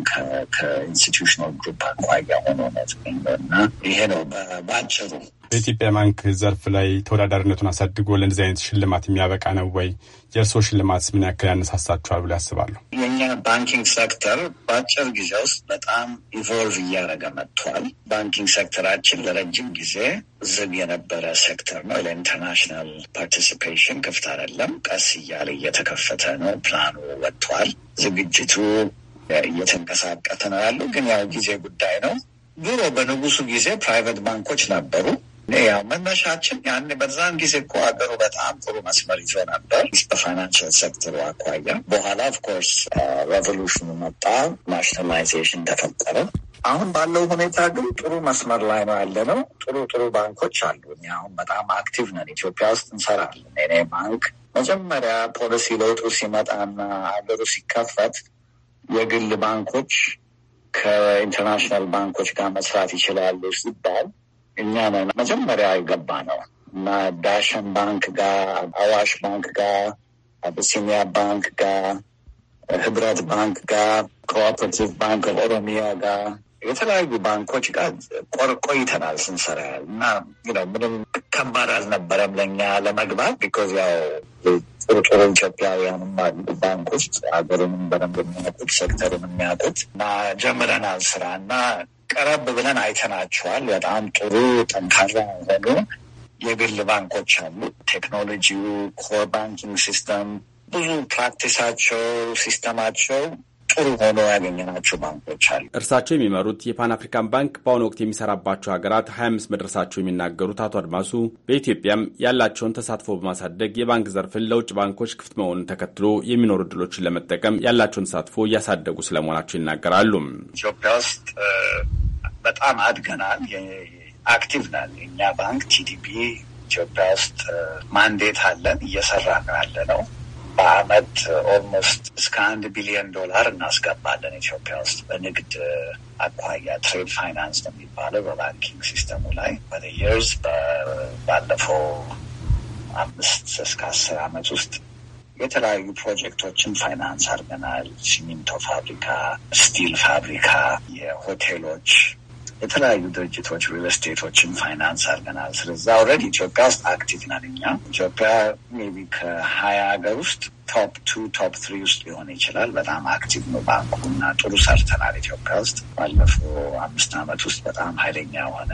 ከኢንስቲቱሽናል ግሩፕ አኳያ ሆኖ ነው እና ይሄ ነው በአጭሩ። በኢትዮጵያ ባንክ ዘርፍ ላይ ተወዳዳሪነቱን አሳድጎ ለእንደዚህ አይነት ሽልማት የሚያበቃ ነው ወይ? የእርስዎ ሽልማት ምን ያክል ያነሳሳችኋል ብሎ ያስባሉ? የኛ ባንኪንግ ሴክተር በአጭር ጊዜ ውስጥ በጣም ኢቮልቭ እያደረገ መጥቷል። ባንኪንግ ሴክተራችን ለረጅም ጊዜ ዝግ የነበረ ሴክተር ነው። ለኢንተርናሽናል ፓርቲሲፔሽን ክፍት አይደለም። ቀስ እያለ እየተከፈተ ነው። ፕላኑ ወጥቷል። ዝግጅቱ እየተንቀሳቀሰ ነው ያሉ ግን ያው ጊዜ ጉዳይ ነው። ድሮ በንጉሱ ጊዜ ፕራይቬት ባንኮች ነበሩ። ያው መነሻችን ያን በዛን ጊዜ እኮ ሀገሩ በጣም ጥሩ መስመር ይዞ ነበር በፋይናንሽል ሴክተሩ አኳያ። በኋላ ኦፍኮርስ ሬቮሉሽኑ uh, መጣ፣ ናሽናላይዜሽን ተፈጠረ። አሁን ባለው ሁኔታ ግን ጥሩ መስመር ላይ ነው ያለ ነው። ጥሩ ጥሩ ባንኮች አሉ። አሁን በጣም አክቲቭ ነን፣ ኢትዮጵያ ውስጥ እንሰራለን። እኔ ባንክ መጀመሪያ ፖሊሲ ለውጡ ሲመጣና ሀገሩ ሲከፈት የግል ባንኮች ከኢንተርናሽናል ባንኮች ጋር መስራት ይችላሉ ሲባል እኛ ነን መጀመሪያ የገባ ነው እና ዳሽን ባንክ ጋር፣ አዋሽ ባንክ ጋር፣ አቢሲኒያ ባንክ ጋር፣ ህብረት ባንክ ጋር፣ ኮኦፐሬቲቭ ባንክ ኦሮሚያ ጋር የተለያዩ ባንኮች ጋር ቆይተናል ስንሰራ እና ምንም ከባድ አልነበረም ለእኛ ለመግባት ቢኮዝ ያው ጥሩ ጥሩ ኢትዮጵያውያንም ባንክ ውስጥ ሀገሩንም በደንብ የሚያውቁት ሴክተርን የሚያውቁት እና ጀምረናል ስራ እና ቀረብ ብለን አይተናቸዋል። በጣም ጥሩ ጠንካራ የሆኑ የግል ባንኮች አሉ። ቴክኖሎጂው ኮር ባንኪንግ ሲስተም ብዙ ፕራክቲሳቸው ሲስተማቸው ጥሩ ሆኖ ያገኘናቸው ባንኮች አሉ። እርሳቸው የሚመሩት የፓን አፍሪካን ባንክ በአሁኑ ወቅት የሚሰራባቸው ሀገራት ሀያ አምስት መድረሳቸው የሚናገሩት አቶ አድማሱ በኢትዮጵያም ያላቸውን ተሳትፎ በማሳደግ የባንክ ዘርፍን ለውጭ ባንኮች ክፍት መሆኑን ተከትሎ የሚኖሩ እድሎችን ለመጠቀም ያላቸውን ተሳትፎ እያሳደጉ ስለመሆናቸው ይናገራሉ። ኢትዮጵያ ውስጥ በጣም አድገናል። አክቲቭ ናል። የእኛ ባንክ ቲዲፒ ኢትዮጵያ ውስጥ ማንዴት አለን እየሰራ ያለ ነው። በአመት ኦልሞስት እስከ አንድ ቢሊዮን ዶላር እናስገባለን ኢትዮጵያ ውስጥ በንግድ አኳያ ትሬድ ፋይናንስ ነው የሚባለው በባንኪንግ ሲስተሙ ላይ በየርስ ባለፈው አምስት እስከ አስር አመት ውስጥ የተለያዩ ፕሮጀክቶችን ፋይናንስ አድርገናል። ሲሚንቶ ፋብሪካ፣ ስቲል ፋብሪካ፣ የሆቴሎች የተለያዩ ድርጅቶች ሪል ስቴቶችን ፋይናንስ አድርገናል። ስለዛ አውረድ ኢትዮጵያ ውስጥ አክቲቭ ናት። እኛ ኢትዮጵያ ሜይ ቢ ከሀያ ሀገር ውስጥ ቶፕ ቱ ቶፕ ትሪ ውስጥ ሊሆን ይችላል። በጣም አክቲቭ ነው ባንኩ እና ጥሩ ሰርተናል ኢትዮጵያ ውስጥ ባለፈው አምስት ዓመት ውስጥ በጣም ሀይለኛ የሆነ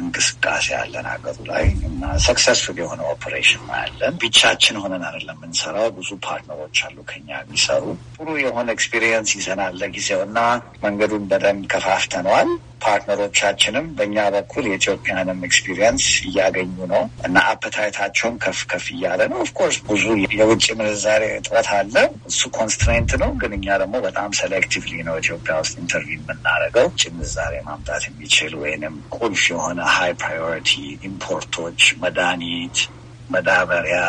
እንቅስቃሴ ያለን ሀገሩ ላይ እና ሰክሰስፉል የሆነ ኦፕሬሽን ያለን። ብቻችን ሆነን አይደለም የምንሰራው። ብዙ ፓርትነሮች አሉ ከኛ የሚሰሩ። ጥሩ የሆነ ኤክስፒሪየንስ ይዘናል ለጊዜው እና መንገዱን በደንብ ከፋፍተነዋል። ፓርትነሮቻችንም በእኛ በኩል የኢትዮጵያንም ኤክስፒሪየንስ እያገኙ ነው እና አፐታይታቸውም ከፍ ከፍ እያለ ነው። ኦፍኮርስ ብዙ የውጭ ምንዛሬ እጥረት አለ። እሱ ኮንስትሬንት ነው። ግን እኛ ደግሞ በጣም ሴሌክቲቭሊ ነው ኢትዮጵያ ውስጥ ኢንተርቪው የምናደርገው ውጭ ምንዛሬ ማምጣት የሚችል ወይንም ቁልፍ የሆነ ሃይ ፕራዮሪቲ ኢምፖርቶች፣ መድኃኒት መዳበሪያ፣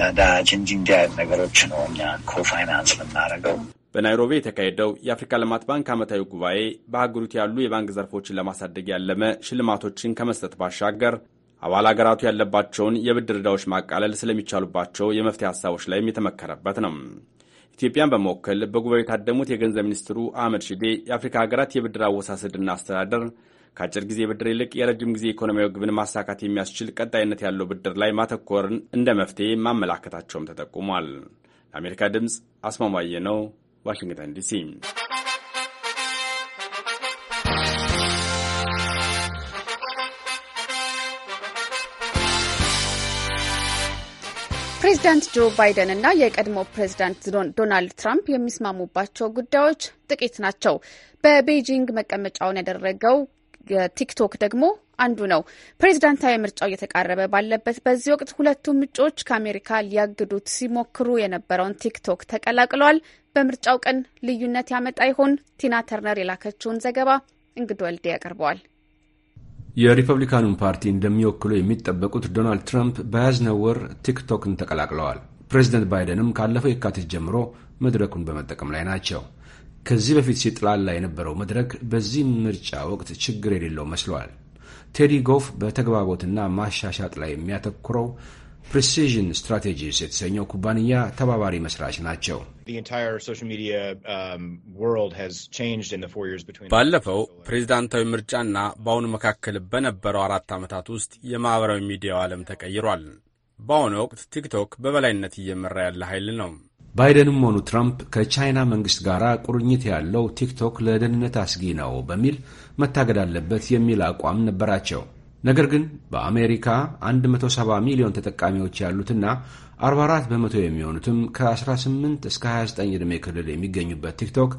ነዳጅ እንዲህ እንዲህ አይነት ነገሮች ነው እኛ ኮፋይናንስ የምናደርገው። በናይሮቢ የተካሄደው የአፍሪካ ልማት ባንክ ዓመታዊ ጉባኤ በሀገሪቱ ያሉ የባንክ ዘርፎችን ለማሳደግ ያለመ ሽልማቶችን ከመስጠት ባሻገር አባል ሀገራቱ ያለባቸውን የብድር ዕዳዎች ማቃለል ስለሚቻሉባቸው የመፍትሄ ሀሳቦች ላይም የተመከረበት ነው። ኢትዮጵያን በመወከል በጉባኤው የታደሙት የገንዘብ ሚኒስትሩ አህመድ ሺዴ የአፍሪካ ሀገራት የብድር አወሳሰድና አስተዳደር ከአጭር ጊዜ ብድር ይልቅ የረጅም ጊዜ ኢኮኖሚያዊ ግብን ማሳካት የሚያስችል ቀጣይነት ያለው ብድር ላይ ማተኮርን እንደ መፍትሄ ማመላከታቸውም ተጠቁሟል። ለአሜሪካ ድምፅ አስማማየ ነው ዋሽንግተን ዲሲ። ፕሬዚዳንት ጆ ባይደን እና የቀድሞ ፕሬዚዳንት ዶናልድ ትራምፕ የሚስማሙባቸው ጉዳዮች ጥቂት ናቸው። በቤይጂንግ መቀመጫውን ያደረገው ቲክቶክ ደግሞ አንዱ ነው። ፕሬዚዳንታዊ ምርጫው እየተቃረበ ባለበት በዚህ ወቅት ሁለቱም እጩዎች ከአሜሪካ ሊያግዱት ሲሞክሩ የነበረውን ቲክቶክ ተቀላቅለዋል። በምርጫው ቀን ልዩነት ያመጣ ይሆን? ቲና ተርነር የላከችውን ዘገባ እንግድ ወልዴ ያቀርበዋል። የሪፐብሊካኑን ፓርቲ እንደሚወክሉ የሚጠበቁት ዶናልድ ትራምፕ በያዝነው ወር ቲክቶክን ተቀላቅለዋል። ፕሬዚደንት ባይደንም ካለፈው የካቲት ጀምሮ መድረኩን በመጠቀም ላይ ናቸው። ከዚህ በፊት ሲጥላላ የነበረው መድረክ በዚህ ምርጫ ወቅት ችግር የሌለው መስሏል። ቴዲ ጎፍ በተግባቦትና ማሻሻጥ ላይ የሚያተኩረው ፕሪሲዥን ስትራቴጂስ የተሰኘው ኩባንያ ተባባሪ መስራች ናቸው። um, ባለፈው ፕሬዚዳንታዊ ምርጫና በአሁኑ መካከል በነበረው አራት ዓመታት ውስጥ የማኅበራዊ ሚዲያው ዓለም ተቀይሯል። በአሁኑ ወቅት ቲክቶክ በበላይነት እየመራ ያለ ኃይል ነው። ባይደንም ሆኑ ትራምፕ ከቻይና መንግስት ጋር ቁርኝት ያለው ቲክቶክ ለደህንነት አስጊ ነው በሚል መታገድ አለበት የሚል አቋም ነበራቸው። ነገር ግን በአሜሪካ 170 ሚሊዮን ተጠቃሚዎች ያሉትና 44 በመቶ የሚሆኑትም ከ18 እስከ 29 ዕድሜ ክልል የሚገኙበት ቲክቶክ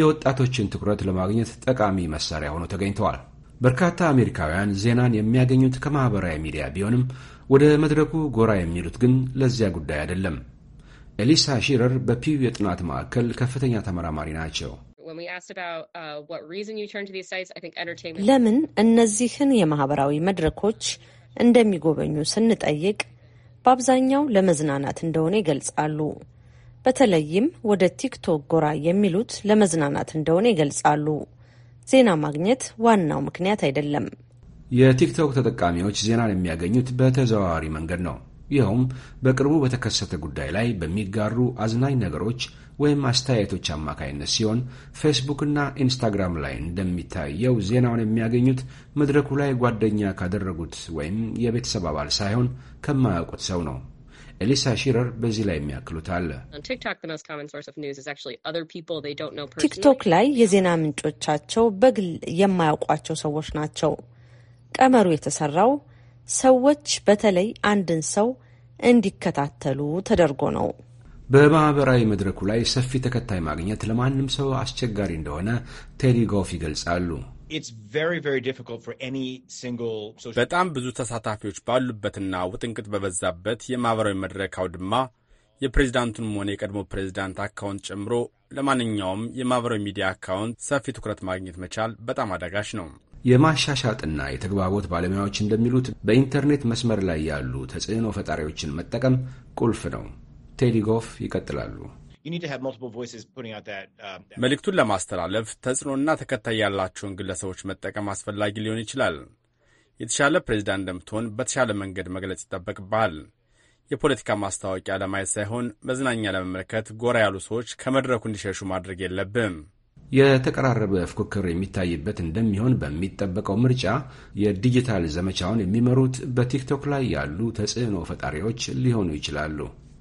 የወጣቶችን ትኩረት ለማግኘት ጠቃሚ መሳሪያ ሆኖ ተገኝተዋል። በርካታ አሜሪካውያን ዜናን የሚያገኙት ከማኅበራዊ ሚዲያ ቢሆንም ወደ መድረኩ ጎራ የሚሉት ግን ለዚያ ጉዳይ አይደለም። ኤሊሳ ሺረር በፒው የጥናት ማዕከል ከፍተኛ ተመራማሪ ናቸው። uh, ለምን እነዚህን የማህበራዊ መድረኮች እንደሚጎበኙ ስንጠይቅ በአብዛኛው ለመዝናናት እንደሆነ ይገልጻሉ። በተለይም ወደ ቲክቶክ ጎራ የሚሉት ለመዝናናት እንደሆነ ይገልጻሉ። ዜና ማግኘት ዋናው ምክንያት አይደለም። የቲክቶክ ተጠቃሚዎች ዜናን የሚያገኙት በተዘዋዋሪ መንገድ ነው። ይኸውም በቅርቡ በተከሰተ ጉዳይ ላይ በሚጋሩ አዝናኝ ነገሮች ወይም አስተያየቶች አማካይነት ሲሆን ፌስቡክና ኢንስታግራም ላይ እንደሚታየው ዜናውን የሚያገኙት መድረኩ ላይ ጓደኛ ካደረጉት ወይም የቤተሰብ አባል ሳይሆን ከማያውቁት ሰው ነው። ኤሊሳ ሺረር በዚህ ላይ የሚያክሉት አለ። ቲክቶክ ላይ የዜና ምንጮቻቸው በግል የማያውቋቸው ሰዎች ናቸው። ቀመሩ የተሰራው ሰዎች በተለይ አንድን ሰው እንዲከታተሉ ተደርጎ ነው። በማህበራዊ መድረኩ ላይ ሰፊ ተከታይ ማግኘት ለማንም ሰው አስቸጋሪ እንደሆነ ቴሪ ጎፍ ይገልጻሉ። በጣም ብዙ ተሳታፊዎች ባሉበትና ውጥንቅጥ በበዛበት የማህበራዊ መድረክ አውድማ የፕሬዚዳንቱንም ሆነ የቀድሞ ፕሬዚዳንት አካውንት ጨምሮ ለማንኛውም የማህበራዊ ሚዲያ አካውንት ሰፊ ትኩረት ማግኘት መቻል በጣም አዳጋች ነው። የማሻሻጥና የተግባቦት ባለሙያዎች እንደሚሉት በኢንተርኔት መስመር ላይ ያሉ ተጽዕኖ ፈጣሪዎችን መጠቀም ቁልፍ ነው። ቴዲጎፍ ይቀጥላሉ። um, መልእክቱን ለማስተላለፍ ተጽዕኖና ተከታይ ያላቸውን ግለሰቦች መጠቀም አስፈላጊ ሊሆን ይችላል። የተሻለ ፕሬዚዳንት እንደምትሆን በተሻለ መንገድ መግለጽ ይጠበቅብሃል። የፖለቲካ ማስታወቂያ ለማየት ሳይሆን መዝናኛ ለመመልከት ጎራ ያሉ ሰዎች ከመድረኩ እንዲሸሹ ማድረግ የለብም። የተቀራረበ ፉክክር የሚታይበት እንደሚሆን በሚጠበቀው ምርጫ የዲጂታል ዘመቻውን የሚመሩት በቲክቶክ ላይ ያሉ ተጽዕኖ ፈጣሪዎች ሊሆኑ ይችላሉ።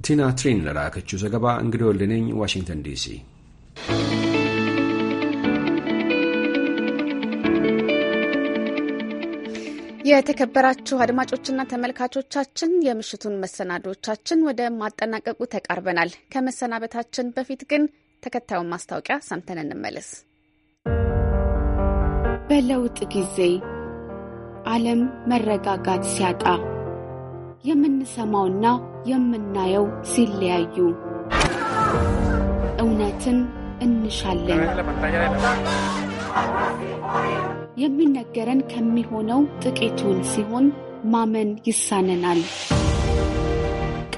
ቲና ትሪን ለላከችው ዘገባ እንግዲህ ወልደነኝ ዋሽንግተን ዲሲ። የተከበራችሁ አድማጮችና ተመልካቾቻችን የምሽቱን መሰናዶቻችን ወደ ማጠናቀቁ ተቃርበናል። ከመሰናበታችን በፊት ግን ተከታዩን ማስታወቂያ ሰምተን እንመለስ። በለውጥ ጊዜ ዓለም መረጋጋት ሲያጣ የምንሰማውና የምናየው ሲለያዩ እውነትን እንሻለን። የሚነገረን ከሚሆነው ጥቂቱን ሲሆን ማመን ይሳነናል።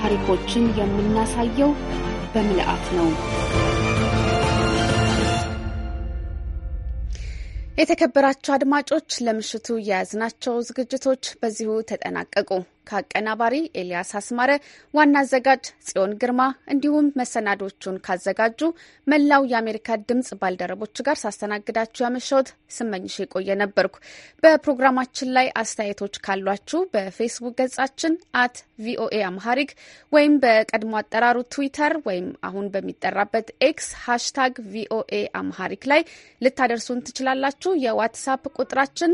ታሪኮችን የምናሳየው በምልአት ነው። የተከበራቸው አድማጮች ለምሽቱ የያዝናቸው ዝግጅቶች በዚሁ ተጠናቀቁ። ከአቀናባሪ ኤልያስ አስማረ፣ ዋና አዘጋጅ ጽዮን ግርማ እንዲሁም መሰናዶቹን ካዘጋጁ መላው የአሜሪካ ድምጽ ባልደረቦች ጋር ሳስተናግዳችሁ ያመሸሁት ስመኝሽ የቆየ ነበርኩ። በፕሮግራማችን ላይ አስተያየቶች ካሏችሁ በፌስቡክ ገጻችን አት ቪኦኤ አምሃሪክ ወይም በቀድሞ አጠራሩ ትዊተር ወይም አሁን በሚጠራበት ኤክስ ሃሽታግ ቪኦኤ አምሃሪክ ላይ ልታደርሱን ትችላላችሁ። የዋትሳፕ ቁጥራችን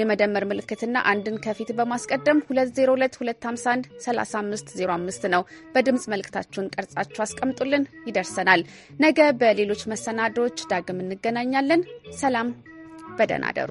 የመደመር ምልክትና አንድን ከፊት በማስቀደም 2022513505 ነው። በድምፅ መልእክታችሁን ቀርጻችሁ አስቀምጡልን፣ ይደርሰናል። ነገ በሌሎች መሰናዶዎች ዳግም እንገናኛለን። ሰላም፣ በደህና አደሩ።